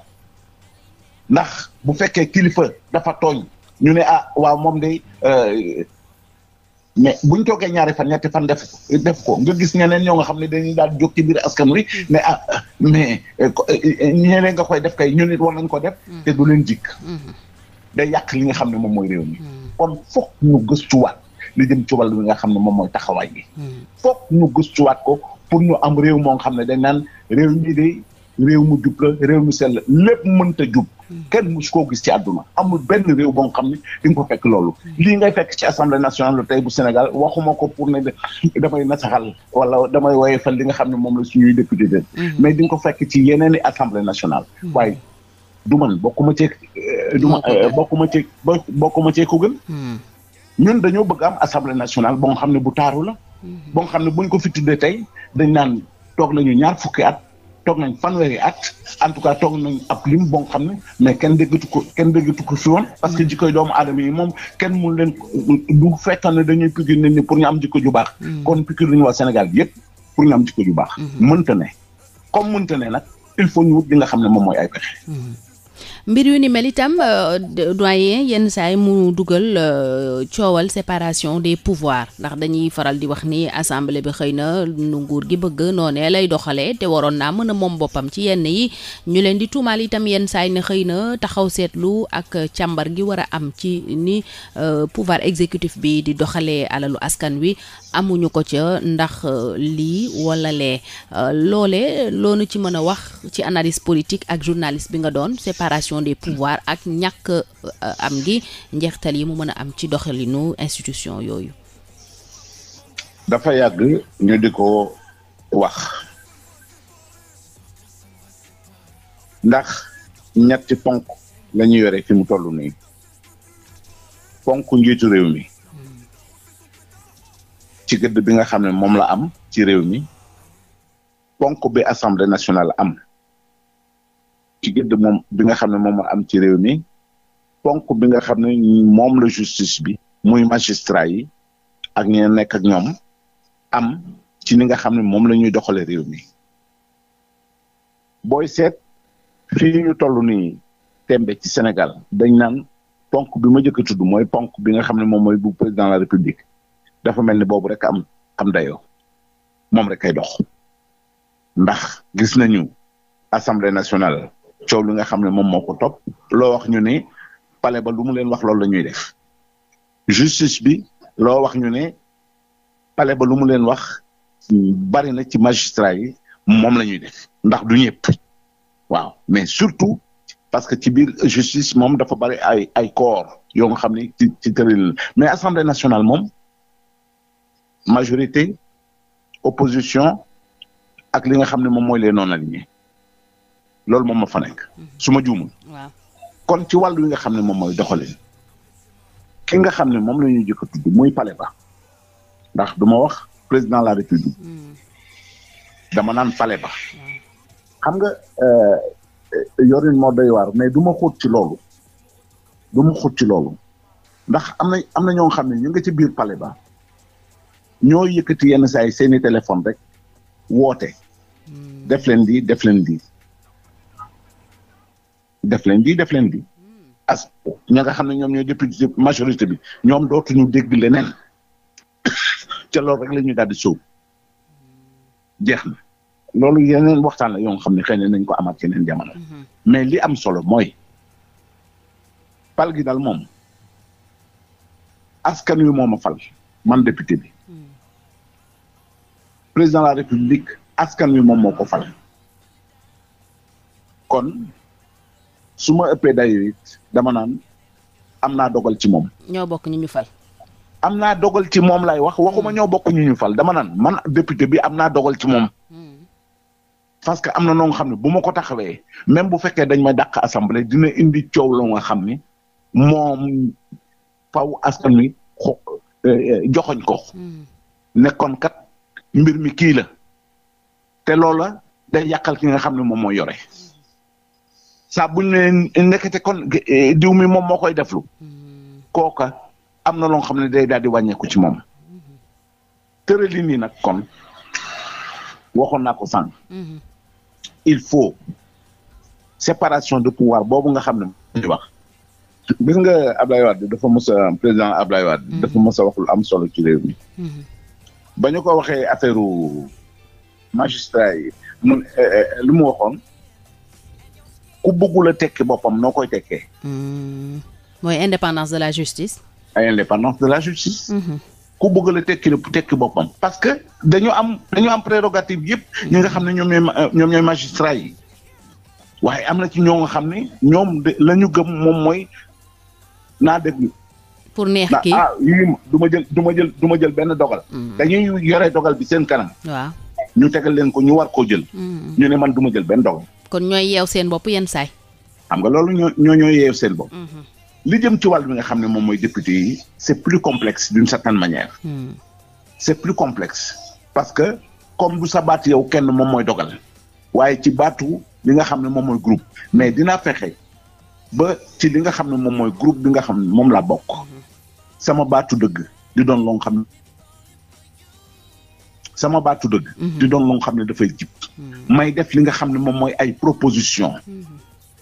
ndax bu fekkee kilifa dafa tooñ ñu ne ah waaw moom de euh, mais buñ toogee ñaari fan ñetti fan def def ko nga gis ñeneen ñoo nga xam ne dañuy daal jóg ci biir askan wi hmm. ne a ah, mais euh, euh, ñeneen nga koy def kay ñu nit war nañ ko def hmm. te du leen jikk day yàq li nga xam ne moom mooy réew mi kon foog ñu gëstuwaat li jëm ci bi nga xam ne moom mooy taxawaay bi. foog ñu gëstuwaat ko pour ñu am réew moo xam ne dañ naan réew mi de réew mu jub la réew mu sell lépp mënta jub. kenn mus koo gis ci àdduna am benn réew boo xam ne di nga ko fekk loolu. lii ngay fekk ci assemblée nationale la tey bu Sénégal waxuma ko pour ne damay nasaxal wala damay woyefal li nga xam ne moom la suñuy député de. mais di nga ko fekk ci yeneen i assemblée nationale. waaye du man bokkuma ceeg. du ma bokkuma ceeg bokkuma ceeg ko gën. ñun dañoo bëgg am assemblée nationale ba nga xam ne bu taaru la. Mhm. ba nga xam ne buñ ko fi tuddee tey dañ naan toog nañu ñaar fukki at toog nañ fanweeri at en tout cas toog nañ ab lim ba nga xam ne mais kenn déggatu ko kenn déggatu ko fi woon. parce que mhm. jikkoy doomu aadama yi moom kenn mun leen du fekkoon ne dañuy piqûre ni pour ñu am jikko ju baax. Mhm. kon piqûre nañu waa Sénégal bi yëpp pour ñu am jikko ju baax. mënta ne comme mënta ne nag il faut ñu wut li nga xam ne moom mooy ay pexe.
mbir yu ni mel itam euh, doyen yenn saay mu dugal euh, coowal séparation des pouvoir ndax dañuy faral di wax ni assemblée bi xëy na nu nguur gi bëgg noonee lay doxalee te waroon naa mën a moom boppam ci yenn yi ñu leen di tuumaal itam yenn saay ne xëy na taxaw seetlu ak càmbar gi war a am ci ni euh, pouvoir exécutif bi di doxalee alalu askan wi amuñu ko ca ndax lii wala lee loole loonu ci mën a wax ci analyse politique ak journaliste bi nga doon séparation des ak ñàkk euh, am gi njeextal yi mu mën a am ci doxalinu institution yooyu.
dafa yàgg ñu di ko wax ndax ñetti ponk la ñu yore fi mu toll nii ponk njiitu réew mi ci gëdd bi nga xam ne moom la am ci réew mi ponk bi assemblée nationale am. ci gëdd moom bi nga xam ne moom am ci réew mi ponk bi nga xam ne moom la justice bi muy magistrat yi ak ñi nekk ak ñoom am ci ni nga xam ne moom lañuy ñuy doxalee réew mi booy seet fii ñu toll nii tembe ci Sénégal dañ naan ponk bi ma njëkk tudd mooy ponk bi nga xam ne moom mooy bu président de la République dafa mel ni boobu rek am dayo dayoo rek ay dox ndax gis nañu assemblée nationale coow li nga xam ne moom moo ko topp loo wax ñu ne pale ba lu mu leen wax loolu la ñuy def justice bi loo wax ñu ne pale ba lu mu leen wax bari na ci magistrat yi moom la ñuy def ndax du ñëpp waaw mais surtout parce que ci biir justice moom dafa bari ay ay corps yoo nga xam ne ci ci tëril mais assemblée nationale moom majorité opposition ak li nga xam ne moom mooy les non alignés loolu moom ma fa nekk mhm. su ma juumul kon ci wàllu yi nga xam ne moom mooy doxalin ki nga xam ne moom lañuy ñuy jëkk tudd muy pale ba ndax du ma wax président de la république mhm. dama naan pale ba xam nga euh, yorin moo doy waar mais du ma xóot ci loolu du ma xóot ndax am na am na ñoo xam ne ñu nga ci biir pale ba ñoo yëkkati yenn saa yi seeni téléphone rek woote mhm. def leen di def leen di def leen di def leen di as ña xam ne ñoom ñooy député majorité bi ñoom dootuñu dégg leneen ca loolu rek la ñuy daal di sóobu jeex na loolu yeneen waxtaan la yoo xam ne xëy na nañ ko amaat yeneen jamono mhm. mais li am solo mooy fal gi daal moom askan wi moom a fal man député bi mhm. président de la république askan wi moom moo ko fal kon su ma ëppee dayo dama naan am naa dogal ci moom. ñoo bokk ñu ñu fal. am naa dogal ci moom lay wax waxuma hmm. ñoo bokk ñu ñu fal dama naan man député bi am naa dogal ci moom. Hmm. parce que am na noo xam ne bu ma ko taxawee même bu fekkee dañ ma dàq assemblée dina indi coow loo nga xam ni moom faw askan wi xo eh, eh, joxoñ ko. Hmm. nekkoon kat mbir mi kii la te loola day yàqal ki nga xam ne moom moo yore. saa bu ne leen nekkate kon eh, diw mi moom moo koy deflu kooka am na loo xam ne day daal di wàññeeku ci moom tëralin nag kon waxoon naa ko sànq il faut séparation de pouvoir boobu nga xam ne wax bis nga Ablaye Wade dafa mos a président Ablaye Wade mm-hmm. dafa mos a wax lu am solo ci mm-hmm. ba ñu ko waxee affaire magistrat yi mun eh, eh, lu mu waxoon ku bëggul a tekki boppam noo koy tekkee. Hmm.
mooy indépendance de la justice.
ay indépendance de la justice. Mm-hmm. ku bëgg la tekki tekki boppam. parce que dañu am dañu am prérogative yëpp. ñi nga xam ne ñoom ñooy euh, ñoom ñooy magistrat waaye am na ci ñoo nga xam ne ñoom de la ñu gëm moom mooy naa déglu.
pour neex kii ah
du ma jël du ma jël du ma jël benn dogal. Mm. dañuy yore dogal bi seen kanam. waaw ñu tegal leen ko ñu war koo jël. Mm. ñu ne man duma jël benn dogal.
kon ñooy yeew seen bopp yenn saay
xam nga loolu ñoo ñoo ñooy yeew seen bopp. Mm-hmm. li jëm ci wàll bi nga xam ne moom mooy député yi c'est plus complexe d'une certaine manière. Mm-hmm. c'est plus complexe parce que comme du sa baat yow kenn moom mooy dogal waaye ci baatu li nga xam ne moom mooy groupe mais dinaa fexe ba ci li nga xam ne moom mooy groupe bi nga xam ne moom laa bokk mm-hmm. sama baatu dëgg di doon loo xam sama baatu dëgg. Mhm. di doon lu nga xam ne dafay jib. Mhm. may def li nga xam ne moom mooy ay proposition mhm.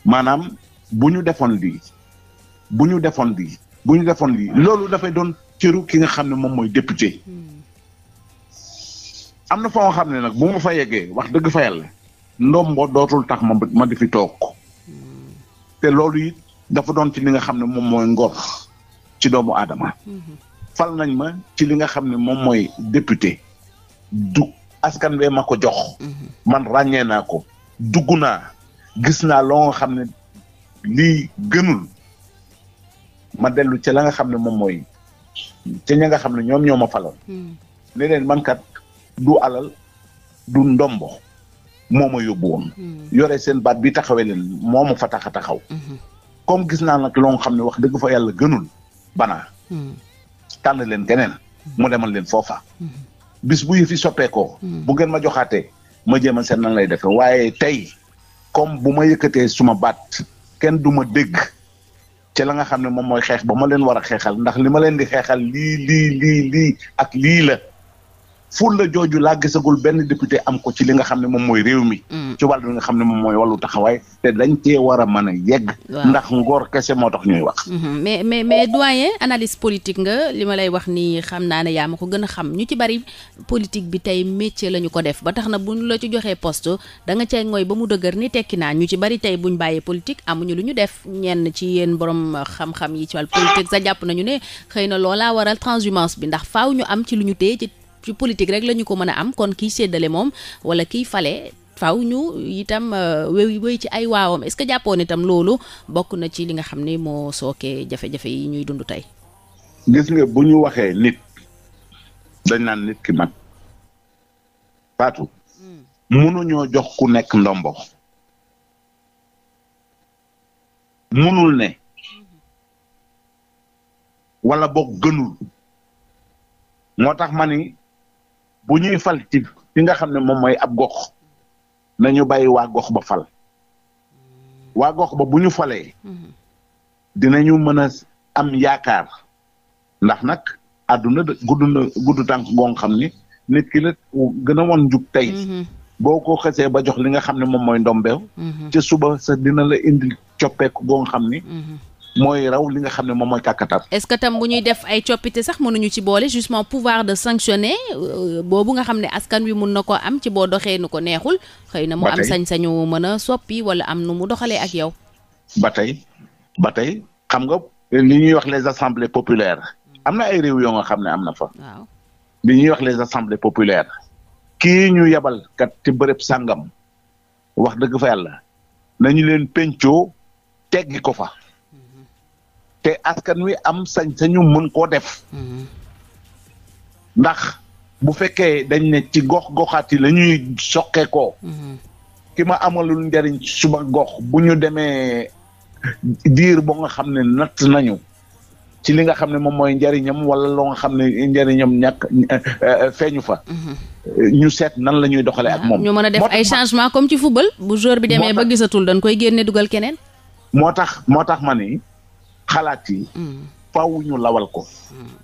maanaam bu ñu defoon lii bu ñu defoon lii bu ñu defoon lii loolu dafay doon cëru ki nga xam ne moom mooy député. am na foo nga xam ne nag bu ma fa yeggee wax dëgg fa yàlla ndombo dootul tax ma ma di toog te loolu it dafa doon ci li nga xam ne moom mooy ngor ci doomu aadama fal nañ ma ci li nga xam ne moom mooy député du askan bee ma ko jox. man ràññee naa ko. dugg naa gis naa loo xam ne lii gënul ma dellu ca la nga xam ne moom mooy ca ña nga xam ne ñoom ñoo ma faloon. Hmm. ne leen man kat du alal du ndombo moo ma yóbbu woon.
Hmm.
seen baat bi taxawee leen moo ma fata tax a taxaw. Hmm. comme gis naa nag xam ne wax dëgg fa yàlla gënul banaa. tànn leen keneen mu demal leen foofa. bis bu yëfi soppeekoo. Hmm. bu ngeen ma joxaatee ma jéem a seet nan lay defee waaye tey comme bu ma yëkkatee suma baat kenn du ma dégg ci la nga xam ne moom mooy xeex ba ma leen war a xeexal ndax li ma leen di xeexal lii lii lii lii ak lii la. ful la jooju laa gisagul benn député am ko ci li nga xam ne moom mooy réew mi. Mm. ci wàllu nga xam ne moom mooy wàllu taxawaay te dañ cee war a a yegg. ndax ngor moo tax mm-hmm.
nga li ma lay wax nii xam naa ne yaa ma ko gën a xam ñu ci bari politique bi tey métier la ñu ko def ba tax na buñ la ci joxee post danga nga mooy ba mu dëgër ni tekki naa ñu ci bari tey buñ bàyyee politique amuñu lu ñu def ñenn ci yéen borom xam-xam yi ci wàllu politique sa jàpp nañu ne xëy na loolaa waral transhumance bi ndax faaw ñu am ci ci politique rek la ñu ko mën a am kon kiy séddale moom wala kiy fale faw ñu itam euh, wéy wéy ci ay waawam est-ce que jàppoon itam loolu bokk na ci li nga xam ni moo sooke jafe-jafe yi ñuy dund tey.
gis nga bu ñu waxee nit dañ naan nit ki mat Fatou. mënuñoo hmm. jox ku nekk ndombo. mënul ne. Hmm. wala boog gënul. moo tax ma ni bu ñuy fal ci fi nga xam ne moom mooy ab gox ñu bàyyi waa gox ba fal waa gox ba bu ñu falee dinañu mën a am yaakaar ndax nag àdduna gudd na gudd tànk goo xam ni nit ki la gën a won njug tey mhm. boo ko xësee ba jox li nga xam ne moom mooy ndombeew mhm. ca suba sa dina la indil coppeeku goo xam ni mhm. mooy raw li nga xam ne moom mooy kàkkatar.
est-ce que tam bu ñuy def ay coppite sax mënuñu ci boole justement pouvoir de sanctionner euh, boobu nga xam ne askan wi mun na ko am ci boo doxee nu ko neexul. xëy na mu am sañ-sañu mën a soppi wala am nu mu doxalee ak yow.
ba tey ba tey xam nga li ñuy wax les assemblées populaires am na ay réew yoo nga xam ne am na fa. waaw li ñuy wax les assemblées populaires. ki ñu yebal kat ci bërëb sàngam wax dëgg fa yàlla nañu leen pencoo teggi ko fa. te askan wi am sañ-sañu mën koo def mhm. ndax bu fekkee dañ ne ci gox goxaat yi la ñuy ko mhm. ki ma amalul njariñ suma gox bu ñu demee diir boo nga xam ne natt nañu ci li nga xam ne moom mooy njariñam wala loo nga xam ne njariñam ñàkk euh, feeñu fa mhm. ñu seet nan la ñuy doxalee ak moom ñu
mën a def ay changement comme ci football bu joueur bi demee ba gisatul dañ koy génne dugal keneen
moo tax moo tax ma ni xalaat yi. Mm. faaw ñu lawal ko. Mm.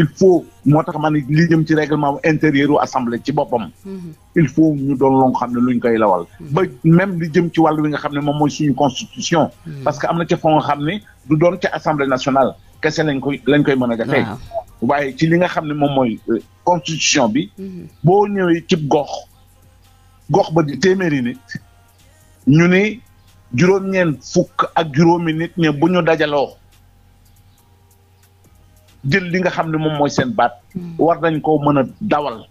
il faut moo tax ma ne li jëm ci réglement intérieur u assemblée ci boppam. Mm-hmm. il faut ñu doon loo xam ne luñ koy lawal. Mm-hmm. ba même li jëm ci wàllu wi nga xam ne moom mooy suñu constitution. Mm-hmm. parce que am na ca foo nga xam ne du doon ca assemblée nationale kese lañ koy lañ koy mën a defee. waaye ci li nga xam ne moom mooy euh, constitution bi. boo ñëwee cib gox gox ba di téeméeri nit ñu ne juróom-ñeent fukk ak juróomi nit ne bu ñu dajaloo jël li nga xam ne moom mooy seen baat. Hmm. war nañ koo mën a dawal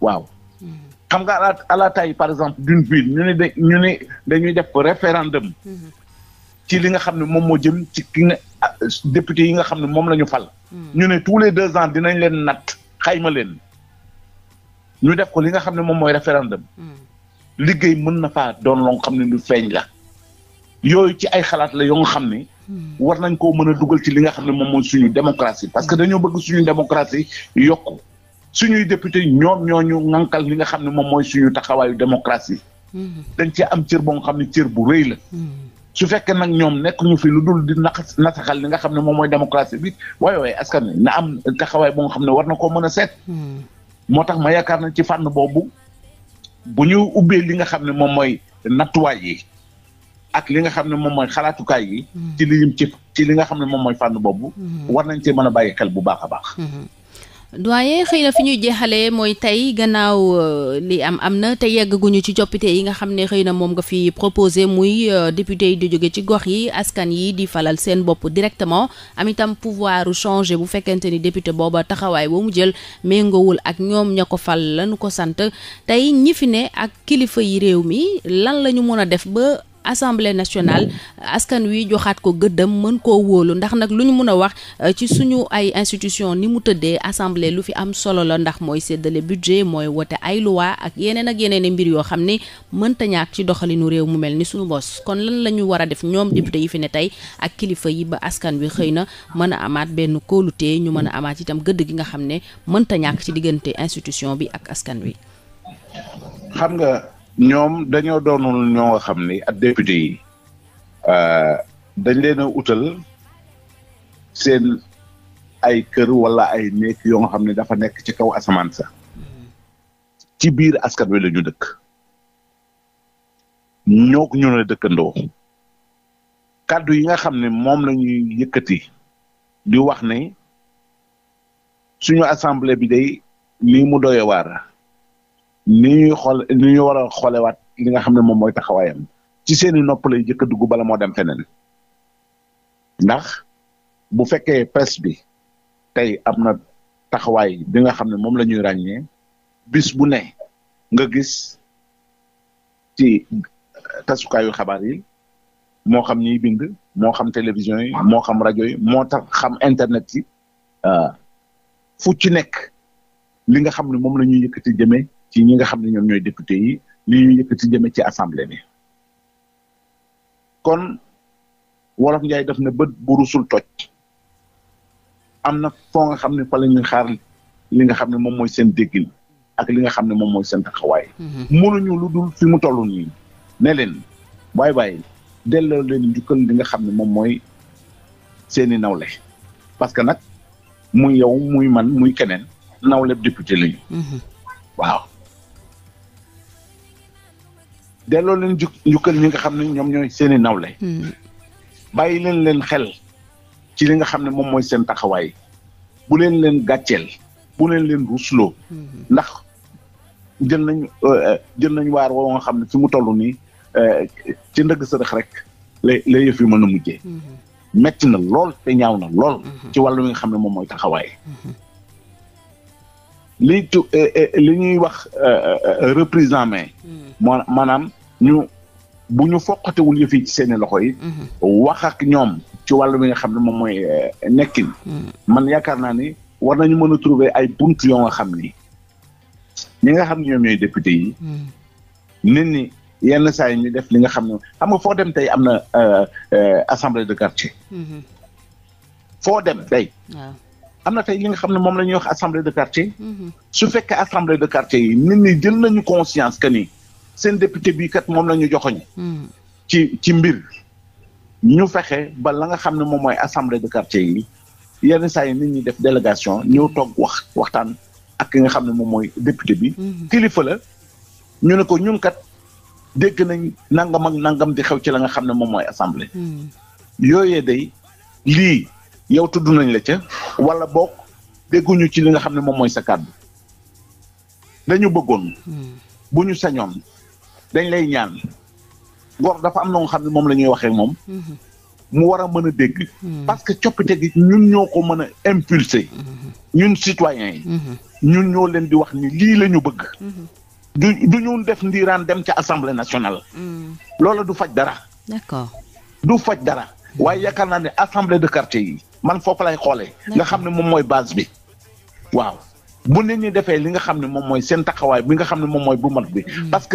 waaw. Hmm. xam nga à la à par exemple d'une ville ñu ne da ñu ne dañuy def ko référendum. Hmm. ci li nga xam ne moom moo jëm ci ki député yi nga xam ne moom lañu ñu fal. ñu ne tous les deux ans dinañ leen nat xayma leen ñu def ko li nga xam ne moom mooy référendum. liggéey mën na faa doon loo xam ne lu feeñ la yooyu ci ay xalaat la yoo nga xam ne hmm. war nañ koo mën a dugal ci li nga xam ne moom mooy suñu démocratie parce que hmm. dañoo bëgg suñu démocratie yokku suñuy député ñoom ñooñu ŋànkal li nga xam ne moom mooy suñu taxawaayu démocratie hmm. dañ ci am cër boo nga xam ne cër bu rëy la su fekkee nag ñoom nekk ñu lu dul di nasaxal li nga xam ne moom mooy démocratie bi waaye waaye askan wi na am taxawaay boo xam ne war na koo mën a seet moo tax ma yaakaar na ci fànn boobu bu ñu ubbee li nga xam ne moom mooy nattuwaay yi ak li nga xam ne moom mooy xalaatukaay yi. Mm-hmm. ci li ci ci li nga xam ne moom mooy fànn boobu. Mm-hmm. war nañ cee mën a bàyyi xel bu baax a baax. Mm-hmm.
doyen xëy na fi ñuy jeexalee mooy tey gannaaw euh, li am am na te yeggaguñu ci coppite yi nga xam ne xëy na moom nga fi proposé muy euh, député yi di jóge ci gox yi askan yi di falal seen bopp directement am itam pouvoir changer bu fekkente ni député booba taxawaay boo mu jël méngoowul ak ñoom ña ko fal lañu ko sant tey ñi fi ne ak kilifa yi réew mi lan la ñu mën a def ba assemblée nationale askan wi joxaat ko gëddam mën koo wóolu ndax nag lu ñu mën a wax euh, ci suñu ay institution ni mu tëddee assemblée lu fi am solo la ndax mooy séddale budget mooy wote ay loi ak yeneen ak yeneen mbir yoo xam ne mënta ñàkk ci doxalinu réew mu mel ni suñu bos kon lan la ñu war a def ñoom député yi fi ne tey ak kilifa yi ba askan wi xëy na mën a amaat benn kóolute ñu mën a amaat itam gëdd gi nga xam ne mënta ñàkk ci diggante institution bi ak askan wi
xam nga ñoom dañoo doonul ñoo nga xam ni ak député yi euh, dañ leen a utal seen ay kër wala ay néeg yoo nga xam ne dafa nekk ci kaw asamaan sa mm-hmm. ci biir askan wi la ñu dëkk ñoo ñu ne dëkkandoo kàddu yi nga xam ne moom lañuy ñuy yëkkati di wax ne suñu assemblée bi day nii mu doye waara ni ñuy xool ni war a xoolewaat li nga xam ne moom mooy taxawaayam ci seeni nopp lay jëkk a dugg bala moo dem feneen ndax bu fekkee presse bi tey am na taxawaay bi nga xam ne moom la ñuy ràññee bis bu ne nga gis ci tasukaayu xabaar yi moo xam ñiy bind moo xam télévision yi moo xam rajo yi moo tax xam internet yi euh, fu ci nekk li nga xam ne moom la ñuy yëkkati jëmee ci ñi nga xam ne ñoom ñooy député yi li ñu yëkkati jëme ci assemblée bi kon wolof njaay def na bët bu rusul am na foo nga xam ne fa la xaar li nga xam ne moom mooy seen déggin ak li nga xam ne moom mooy seen taxawaay mm-hmm. mënuñu lu dul fi mu toll nii ne leen waay waay delloo leen njukkal li nga xam ne moom mooy seeni nawle parce que nag muy yow muy man muy keneen nawle député lañu mm-hmm. waaw delloo leen njukkal ñi nga xam ne ñoom ñooy seen i nawle. Hmm. bàyyi leen leen xel ci li nga xam ne moom mooy seen taxawaay bu leen leen gàcceel bu leen leen rusloo hmm. ndax jël nañ euh, euh, jël nañ waar woo nga xam ne ci mu toll nii euh, ci ndëgg sërëx rek la la yëf yi mën a mujjee. Hmm. na lool te ñaaw na lool. ci wàllu li nga xam ne moom mooy taxawaay. li tu li ñuy wax reprise en main. maanaam ñu bu ñu foqatewul yëf yi ci seen loxo yi. Mhm. wax ak ñoom ci wàllu bi nga xam ne moom mooy eh, nekkin. Mhm. man yaakaar naa ni war nañu mën a trouver ay bunt yoo nga xam ni ñi nga xam ne ñoom ñooy député yi. Mhm. nit ñi yenn saa yi ñu def li nga xam ne xam nga foo dem tey am na eh, eh, assemblée de quartier. foo dem tey. am na tey li nga xam ne moom la ñuy wax assemblée de quartier. su fekkee assemblée de quartier yi nit ñi jël nañu conscience que ni. seen député bii kat moom la joxoñ hmm. ci ci mbir ñu fexe ba la nga xam ne moom mooy assemblée de quartier yi yenn saa yi nit ñi def délégation ñëw toog wax waxtaan ak ki nga xam ne moom mooy député bi hmm. kilifa la ñu ne ko ñun kat dégg nañ nangam ak nangam di xew ci la nga xam ne moom mooy assemblée hmm. yooyee day lii yow tuddu nañ la ca wala boog dégguñu ci li nga xam ne moom mooy sa kàddu dañu bëggoon bu ñu sañoon dañ lay ñaan ngor dafa am na nga xam ne moom la ñuy waxee moom mu war a mën a dégg hmm. parce que coppite gi ñun ñoo ko mën a impulser hmm. ñun citoyens yi hmm. ñun ñoo leen di wax ni lii la ñu bëgg du du ñu def ndiiraan dem ca assemblée nationale loola du faj dara du faj dara waaye yaakaar naa ne assemblée de quartier yi man foofu lay xoolee nga xam ne moom mooy base bi waaw bu nit ñi defee li nga xam ne moom mooy seen taxawaay bi nga xam ne moom mooy bu mat bi parce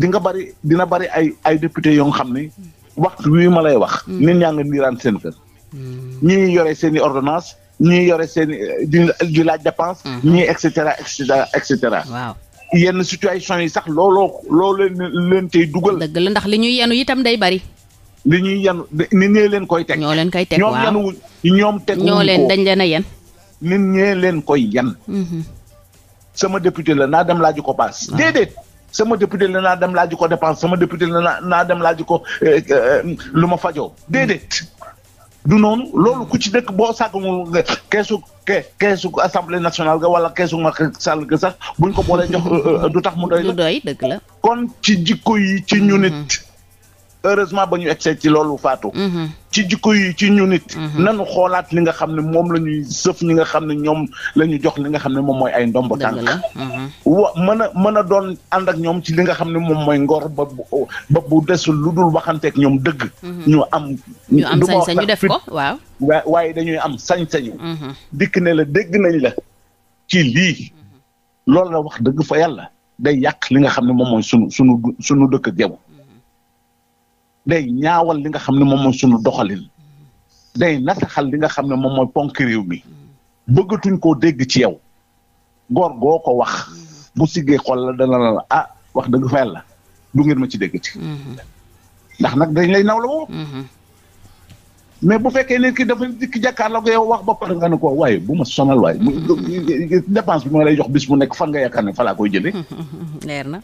di nga bari dina bari ay ay député yoo xam ne waxtu wi ma lay wax. Mm. nit ñaa nga niiraan seen kër. Mm. ñii yore seen i ordonnance ñii yore seen i di laaj dépense. Mm. ñii et cetera et cetera et cetera. waaw yenn situation yi sax looloo loolu leen leen dugal.
dëgg ndax li ñuy yenu itam day bari.
li ñuy yenu ni leen koy teg. leen koy teg waaw ñoom yenuwuñ ñoo leen dañ leen a yen. nit ñee leen koy yan. Mm-hmm. sama député la naa dem laaju ko paas. déedéet. sama député la naa dem laaj ko dépense sama député la naa naa dem laaj ko eh, eh, eh, lu ma fajo déedéet du noonu loolu ku ci dëkk boo sàkkanul nga keesu ke keesu assemblée nationale ga wala keesu Macky Sall ga sax buñ ko boolee jox du tax mu doy. du doy dëgg la kon ci jikko ci ñu heureusement ba ñu egsee ci loolu faatu mhm. ci jikko yi ci ñu nit mhm. nanu xoolaat li nga xam ne moom la ñuy sëf ñi nga xam ne ñoom la jox li nga xam ne moom mooy ay ndomb tànk mhm. mën a mën a doon ànd ak ñoom ci li nga xam ne moom mooy ngor ba ba bu desul lu dul waxanteek ñoom dëgg ñu am ñu am sañ def ko waaw waaye dañuy am sañ-sañu dikk ne la dégg nañ la ci lii loolu la wax dëgg fa yàlla day yàq li nga xam ne moom mooy sunu sunu sunu dëkk ak day ñaawal li nga xam ne moom mooy sunu doxalin day nasaxal li nga xam ne moom mooy ponk réew mi bëggatuñ koo dégg ci yow goor goo ko wax bu siggee xol la dala la ah wax dëgg fa yàlla du ngeen ma ci dégg ci mm-hmm. ndax nag dañ lay naw la woo mm-hmm. mais bu fekkee nit ki dafa dikk jàkkaarloo ko yow wax ba pare nga ne ko waaye bu ma sonal waaye mm-hmm. dépense bi ma lay jox bis mu nekk fan nga yaakaar ne fa laa koy jëlee leer na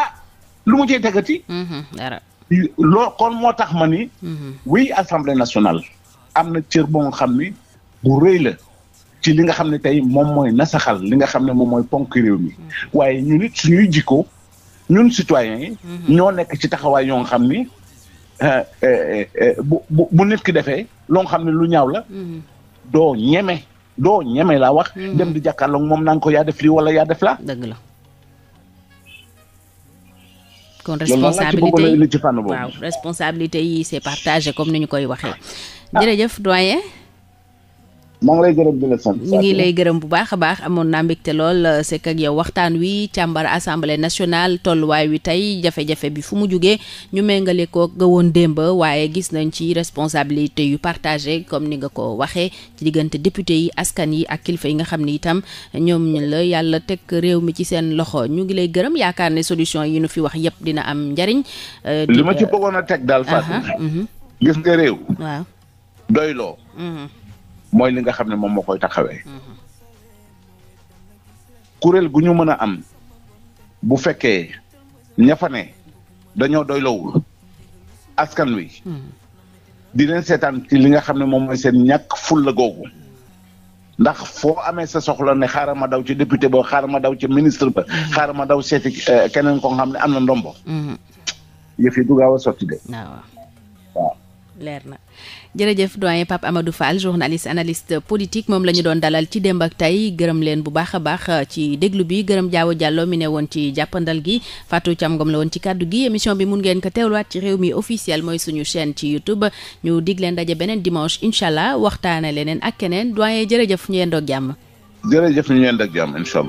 ah lu mu cay tegati loo kon moo tax ma ni. Mhm. oui assemblée national am na cër boo xam ni bu rëy la ci li nga xam ne tey moom mooy nasaxal li nga xam ne moom mooy ponk réew mi mhm. waaye ñun it suñuy jikko ñun citoyens yi. Mhm. ñoo nekk ci taxawaay yoo xam ni euh, euh, euh, bu bu nit ki defee loo xam ne lu ñaaw la. doo ñeme doo ñeme laa wax. dem di jàkkaarloog moom naan ko yaa def lii wala yaa def laa. dëgg la.
kon responsabilité yi waaw responsabilité yi c'est partagé comme ni ñu koy waxee. Ah. jërëjëf doyen.
maa ngi lay gërëm di la sant. ñu ngi lay
gërëm bu baax a baax amoon naa mbégte lool euh, sekk ak yow waxtaan wi càmbar assemblée nationale tolluwaay wi tey jafe-jafe bi fu mu jugee ñu méngale ko nga woon démb waaye gis nañ ci responsabilité yu partagé comme ni nga ko waxee ci diggante député yi askan yi ak kilifa yi nga xam ni itam ñoom ñu la yàlla teg réew mi ci seen loxo ñu ngi lay gërëm yaakaar ne solution yi nu fi wax yépp dina am njariñ. Euh,
teg daal mooy li nga xam ne moom moo koy taxawee. Mm-hmm. kuréel gu ñu mën a am bu fekkee ña fa ne dañoo askan wi. Mm-hmm. di leen seetaan ci li nga xam ne moom mooy seen ñàkk la googu. ndax foo amee sa soxla ne xaaral ma daw ci député ba xaaral ma daw ci ministre ba. Mm-hmm. xaaral ma daw seeti eh, keneen ko xam ne am na ndombo. yëf yi a sotti de. waaw
jërëjëf doyen Pape Amadou Fall journaliste analyste politique moom la doon dalal ci démb ak tey gërëm leen bu baax a baax euh, ci déglu bi gërëm jaawo jàlloo mi ne woon ci jàppandal gi Fatou Thiam ngoom la woon ci kàddu gi émission bi mun ngeen ko teewluwaat ci réew mi officiel mooy suñu chaîne ci YouTube ñu dig leen daje beneen dimanche incha allah waxtaane leneen ak keneen doyen jërëjëf ñu yendoog jàmm.
jërëjëf ñu yendoog jàmm
incha